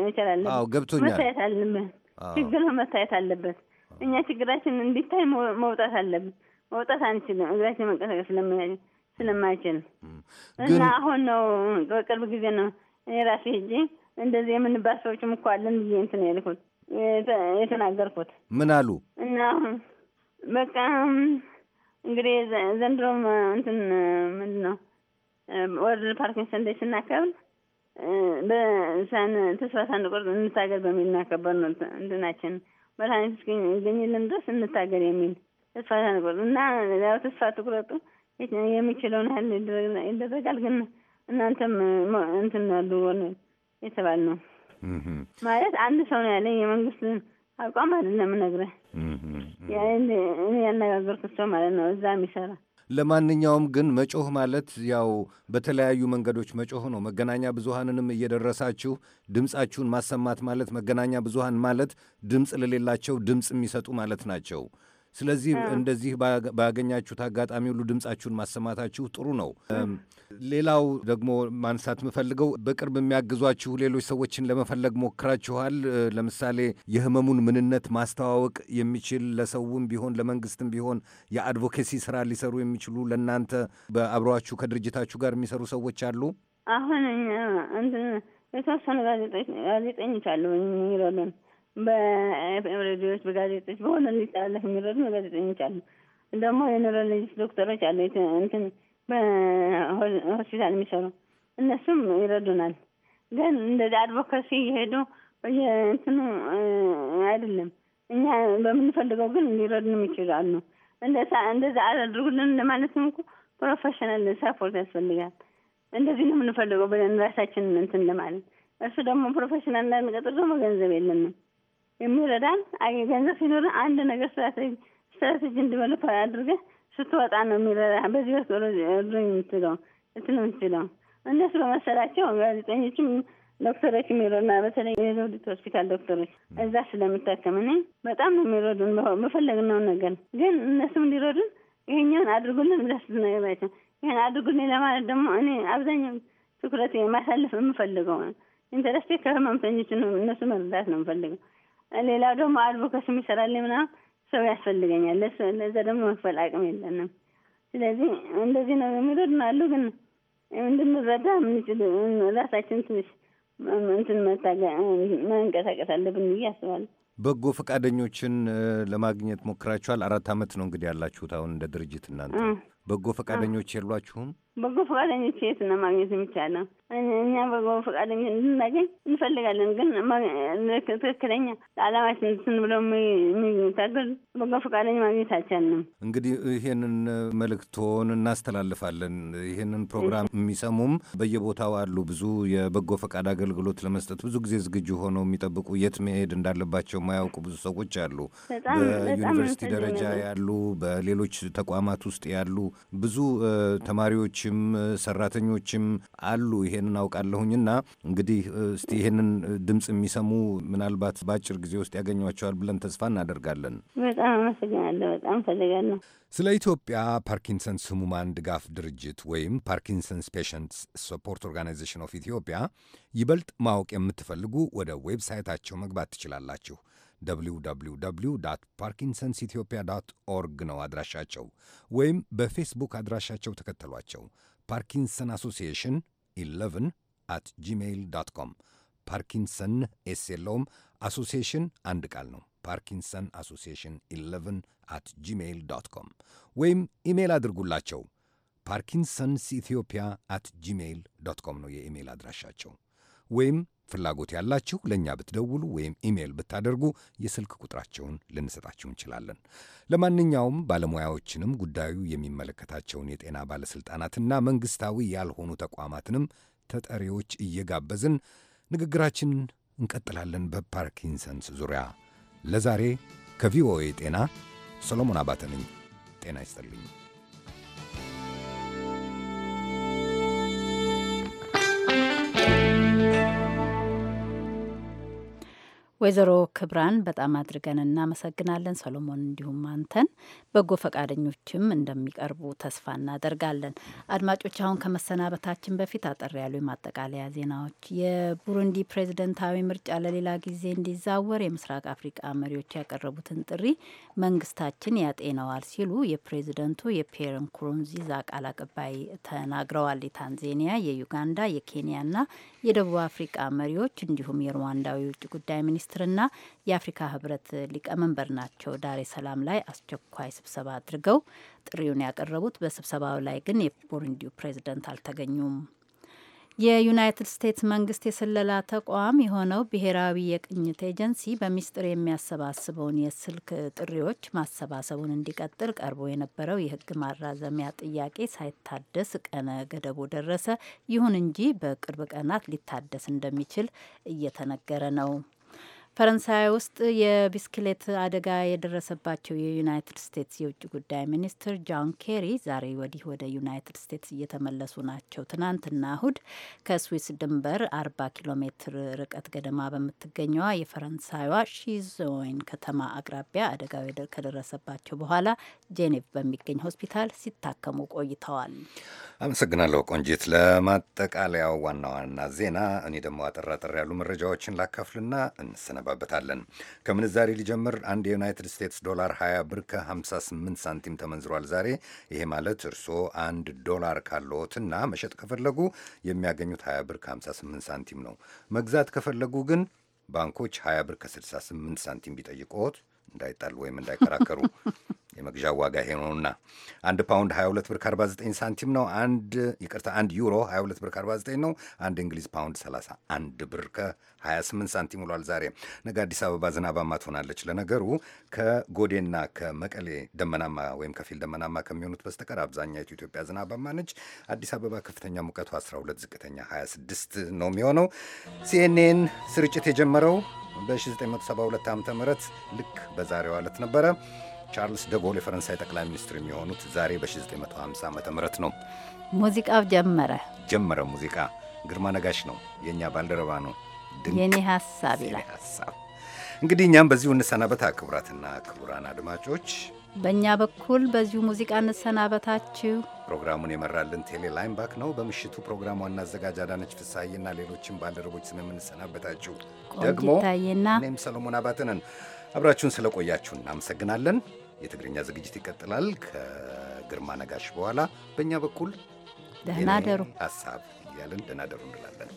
መቻል አለብህ። አዎ ገብቶኛል። መታየት አለብህ፣ ችግር መታየት አለበት። እኛ ችግራችን እንዲታይ መውጣት አለብን። መውጣት አንችልም፣ እግራችን መንቀሳቀስ ስለምናችን ስለማይችል እና አሁን ነው በቅርብ ጊዜ ነው እኔ ራሴ ሄጄ እንደዚህ የምንባት ሰዎችም እኮ አለን ብዬ እንትን ያልኩት የተናገርኩት። ምን አሉ? እና በቃ እንግዲህ ዘንድሮም እንትን ምንድን ነው ወርልድ ፓርኪንሰን ዴይ ስናከብር በሳን ተስፋ ሳንቆርጥ እንታገል በሚል እናከበር ነው እንትናችን መድኃኒት እስኪገኝልን ድረስ እንታገል የሚል ተስፋ ሳንቆርጥ እና ያው ተስፋ ትቁረጡ የሚችለውን ያህል ይደረጋል። ግን እናንተም እንትን ያሉ የተባል ነው ማለት አንድ ሰው ነው ያለኝ የመንግስት አቋም አይደለም እነግርህ ያነጋገርኩት ሰው ማለት ነው እዛ የሚሰራ ለማንኛውም ግን መጮህ ማለት ያው በተለያዩ መንገዶች መጮህ ነው። መገናኛ ብዙሃንንም እየደረሳችሁ ድምፃችሁን ማሰማት ማለት መገናኛ ብዙሃን ማለት ድምፅ ለሌላቸው ድምፅ የሚሰጡ ማለት ናቸው። ስለዚህ እንደዚህ ባገኛችሁት አጋጣሚ ሁሉ ድምጻችሁን ማሰማታችሁ ጥሩ ነው። ሌላው ደግሞ ማንሳት የምፈልገው በቅርብ የሚያግዟችሁ ሌሎች ሰዎችን ለመፈለግ ሞክራችኋል? ለምሳሌ የህመሙን ምንነት ማስተዋወቅ የሚችል ለሰውም ቢሆን ለመንግስትም ቢሆን የአድቮኬሲ ስራ ሊሰሩ የሚችሉ ለእናንተ በአብረዋችሁ ከድርጅታችሁ ጋር የሚሰሩ ሰዎች አሉ? አሁን እኛ እንትን የተወሰኑ ጋዜጠኞች አሉ ይረዱን በሬዲዮች፣ በጋዜጦች በሆነ እንዲተላለፍ የሚረዱ ጋዜጠኞች አሉ። ደግሞ የኒውሮሎጂስት ዶክተሮች አሉ። እንትን በሆስፒታል የሚሰሩ እነሱም ይረዱናል። ግን እንደዚህ አድቮካሲ እየሄዱ እንትኑ አይደለም። እኛ በምንፈልገው ግን ሊረዱንም ይችላሉ። እንደዛ አድርጉልን ለማለትም እኮ ፕሮፌሽናል ሰፖርት ያስፈልጋል። እንደዚህ ነው የምንፈልገው ብለን ራሳችንን እንትን ለማለት እሱ ደግሞ ፕሮፌሽናል እንዳንቀጥር ደግሞ ገንዘብ የለንም። የሚረዳን ገንዘብ ሲኖር አንድ ነገር ስትራቴጂ እንዲበለፍ አድርገ ስትወጣ ነው የሚረዳ። በዚህ በስሎ እርዱኝ የምትለው እትነ የምትለው እነሱ በመሰላቸው ጋዜጠኞችም ዶክተሮች የሚረዱና በተለይ የዘውዲት ሆስፒታል ዶክተሮች እዛ ስለምታከም እኔ በጣም ነው የሚረዱን። በፈለግነውን ነገር ግን እነሱም እንዲረዱን ይሄኛውን አድርጉልን ብለህ ስትነግራቸው ይህን አድርጉልን ለማለት ደግሞ እኔ አብዛኛው ትኩረት ማሳለፍ የምፈልገው ኢንተረስቴ ከህመምተኞች እነሱ መርዳት ነው የምፈልገው። ሌላው ደግሞ አድቮኬሲ የሚሰራልኝ ምናምን ሰው ያስፈልገኛል። ለዛ ደግሞ መክፈል አቅም የለንም። ስለዚህ እንደዚህ ነው የሚረዱን ግን እንድንረዳ የምንችል ራሳችን ትንሽ እንትን መንቀሳቀስ አለብን ብዬ አስባለሁ። በጎ ፈቃደኞችን ለማግኘት ሞክራችኋል? አራት ዓመት ነው እንግዲህ ያላችሁት አሁን እንደ ድርጅት እናንተ። በጎ ፈቃደኞች የሏችሁም? በጎ ፈቃደኞች የት ነው ማግኘት የሚቻለው? እኛ በጎ ፈቃደኞች እንድናገኝ እንፈልጋለን። ግን ትክክለኛ ለዓላማችን ስን ብሎ የሚታገሉ በጎ ፈቃደኝ ማግኘት አልቻልንም። እንግዲህ ይሄንን መልእክቶን እናስተላልፋለን። ይሄንን ፕሮግራም የሚሰሙም በየቦታው አሉ። ብዙ የበጎ ፈቃድ አገልግሎት ለመስጠት ብዙ ጊዜ ዝግጁ ሆነው የሚጠብቁ የት መሄድ እንዳለባቸው የማያውቁ ብዙ ሰዎች አሉ። በዩኒቨርሲቲ ደረጃ ያሉ፣ በሌሎች ተቋማት ውስጥ ያሉ ብዙ ተማሪዎች ሐኪሞችም ሰራተኞችም አሉ። ይሄንን አውቃለሁኝና እንግዲህ እስቲ ይሄንን ድምፅ የሚሰሙ ምናልባት በአጭር ጊዜ ውስጥ ያገኟቸዋል ብለን ተስፋ እናደርጋለን። በጣም አመሰግናለሁ። በጣም ፈልጋለሁ። ስለ ኢትዮጵያ ፓርኪንሰንስ ህሙማን ድጋፍ ድርጅት ወይም ፓርኪንሰንስ ፔሸንትስ ሰፖርት ኦርጋናይዜሽን ኦፍ ኢትዮጵያ ይበልጥ ማወቅ የምትፈልጉ ወደ ዌብሳይታቸው መግባት ትችላላችሁ። www ፓርኪንሰንስ ኢትዮጵያ ዶት ኦርግ ነው አድራሻቸው። ወይም በፌስቡክ አድራሻቸው ተከተሏቸው። ፓርኪንሰን አሶሲዬሽን 11 አት ጂሜይል ዶት ኮም ፓርኪንሰን ኤስ የለውም። አሶሲዬሽን አንድ ቃል ነው። ፓርኪንሰን አሶሲዬሽን 11 አት ጂሜይል ዶት ኮም ወይም ኢሜይል አድርጉላቸው። ፓርኪንሰንስ ኢትዮጵያ አት ጂሜይል ዶት ኮም ነው የኢሜይል አድራሻቸው። ወይም ፍላጎት ያላችሁ ለእኛ ብትደውሉ ወይም ኢሜይል ብታደርጉ የስልክ ቁጥራቸውን ልንሰጣችሁ እንችላለን። ለማንኛውም ባለሙያዎችንም ጉዳዩ የሚመለከታቸውን የጤና ባለሥልጣናትና መንግሥታዊ ያልሆኑ ተቋማትንም ተጠሪዎች እየጋበዝን ንግግራችንን እንቀጥላለን። በፓርኪንሰንስ ዙሪያ ለዛሬ ከቪኦኤ ጤና ሰሎሞን አባተ ነኝ። ጤና ይስጥልኝ። ወይዘሮ ክብራን በጣም አድርገን እናመሰግናለን። ሰሎሞን፣ እንዲሁም አንተን። በጎ ፈቃደኞችም እንደሚቀርቡ ተስፋ እናደርጋለን። አድማጮች፣ አሁን ከመሰናበታችን በፊት አጠር ያሉ የማጠቃለያ ዜናዎች። የቡሩንዲ ፕሬዝደንታዊ ምርጫ ለሌላ ጊዜ እንዲዛወር የምስራቅ አፍሪቃ መሪዎች ያቀረቡትን ጥሪ መንግስታችን ያጤነዋል ሲሉ የፕሬዝደንቱ የፒየር ንኩሩንዚዛ ቃል አቀባይ ተናግረዋል። የታንዜኒያ፣ የዩጋንዳ፣ የኬንያና የደቡብ አፍሪቃ መሪዎች እንዲሁም የሩዋንዳዊ የውጭ ጉዳይ ሚኒስ ሚኒስትርና የአፍሪካ ህብረት ሊቀመንበር ናቸው ዳሬ ሰላም ላይ አስቸኳይ ስብሰባ አድርገው ጥሪውን ያቀረቡት። በስብሰባው ላይ ግን የቡሩንዲው ፕሬዝደንት አልተገኙም። የዩናይትድ ስቴትስ መንግስት የስለላ ተቋም የሆነው ብሔራዊ የቅኝት ኤጀንሲ በሚስጥር የሚያሰባስበውን የስልክ ጥሪዎች ማሰባሰቡን እንዲቀጥል ቀርቦ የነበረው የህግ ማራዘሚያ ጥያቄ ሳይታደስ ቀነ ገደቡ ደረሰ። ይሁን እንጂ በቅርብ ቀናት ሊታደስ እንደሚችል እየተነገረ ነው። ፈረንሳይ ውስጥ የቢስክሌት አደጋ የደረሰባቸው የዩናይትድ ስቴትስ የውጭ ጉዳይ ሚኒስትር ጆን ኬሪ ዛሬ ወዲህ ወደ ዩናይትድ ስቴትስ እየተመለሱ ናቸው። ትናንትና እሁድ ከስዊስ ድንበር አርባ ኪሎ ሜትር ርቀት ገደማ በምትገኘዋ የፈረንሳይዋ ሺዞይን ከተማ አቅራቢያ አደጋው ከደረሰባቸው በኋላ ጄኔቭ በሚገኝ ሆስፒታል ሲታከሙ ቆይተዋል። አመሰግናለሁ ቆንጂት። ለማጠቃለያው ዋና ዋና ዜና እኔ ደግሞ አጠራጠር ያሉ መረጃዎችን ላካፍልና እንሰነ እንሰነባበታለን። ከምንዛሬ ሊጀምር አንድ የዩናይትድ ስቴትስ ዶላር 20 ብር ከ58 ሳንቲም ተመንዝሯል ዛሬ። ይሄ ማለት እርስዎ አንድ ዶላር ካለዎትና መሸጥ ከፈለጉ የሚያገኙት 20 ብር ከ58 ሳንቲም ነው። መግዛት ከፈለጉ ግን ባንኮች 20 ብር ከ68 ሳንቲም ቢጠይቅዎት እንዳይጣሉ ወይም እንዳይከራከሩ የመግዣ ዋጋ ይሄ ነውና አንድ ፓውንድ 22 ብር 49 ሳንቲም ነው። አንድ ይቅርታ፣ አንድ ዩሮ 22 ብር 49 ነው። አንድ እንግሊዝ ፓውንድ 31 ብር ከ28 ሳንቲም ውሏል። ዛሬ ነገ አዲስ አበባ ዝናባማ ትሆናለች። ለነገሩ ከጎዴና ከመቀሌ ደመናማ ወይም ከፊል ደመናማ ከሚሆኑት በስተቀር አብዛኛይቱ ኢትዮጵያ ዝናባማ ነች። አዲስ አበባ ከፍተኛ ሙቀቱ 12፣ ዝቅተኛ 26 ነው የሚሆነው። ሲኤንኤን ስርጭት የጀመረው በ1972 ዓ ም ልክ በዛሬው ዕለት ነበረ። ቻርልስ ደጎል የፈረንሳይ ጠቅላይ ሚኒስትር የሚሆኑት ዛሬ በ1950 ዓ ም ነው። ሙዚቃው ጀመረ ጀመረ ሙዚቃ ግርማ ነጋሽ ነው የእኛ ባልደረባ ነው። የኔ ሀሳብ ይላል። እንግዲህ እኛም በዚሁ እንሰናበታ፣ ክቡራትና ክቡራን አድማጮች በእኛ በኩል በዚሁ ሙዚቃ እንሰናበታችሁ። ፕሮግራሙን የመራልን ቴሌ ላይምባክ ነው። በምሽቱ ፕሮግራም ዋና አዘጋጅ አዳነች ፍሳዬና ሌሎችን ባልደረቦች ስም የምንሰናበታችሁ ደግሞ እኔም ሰሎሞን አባትነን። አብራችሁን ስለቆያችሁ እናመሰግናለን። የትግርኛ ዝግጅት ይቀጥላል። ከግርማ ነጋሽ በኋላ በእኛ በኩል ደህና ደሩ ሀሳብ እያልን ደህና ደሩ እንላለን።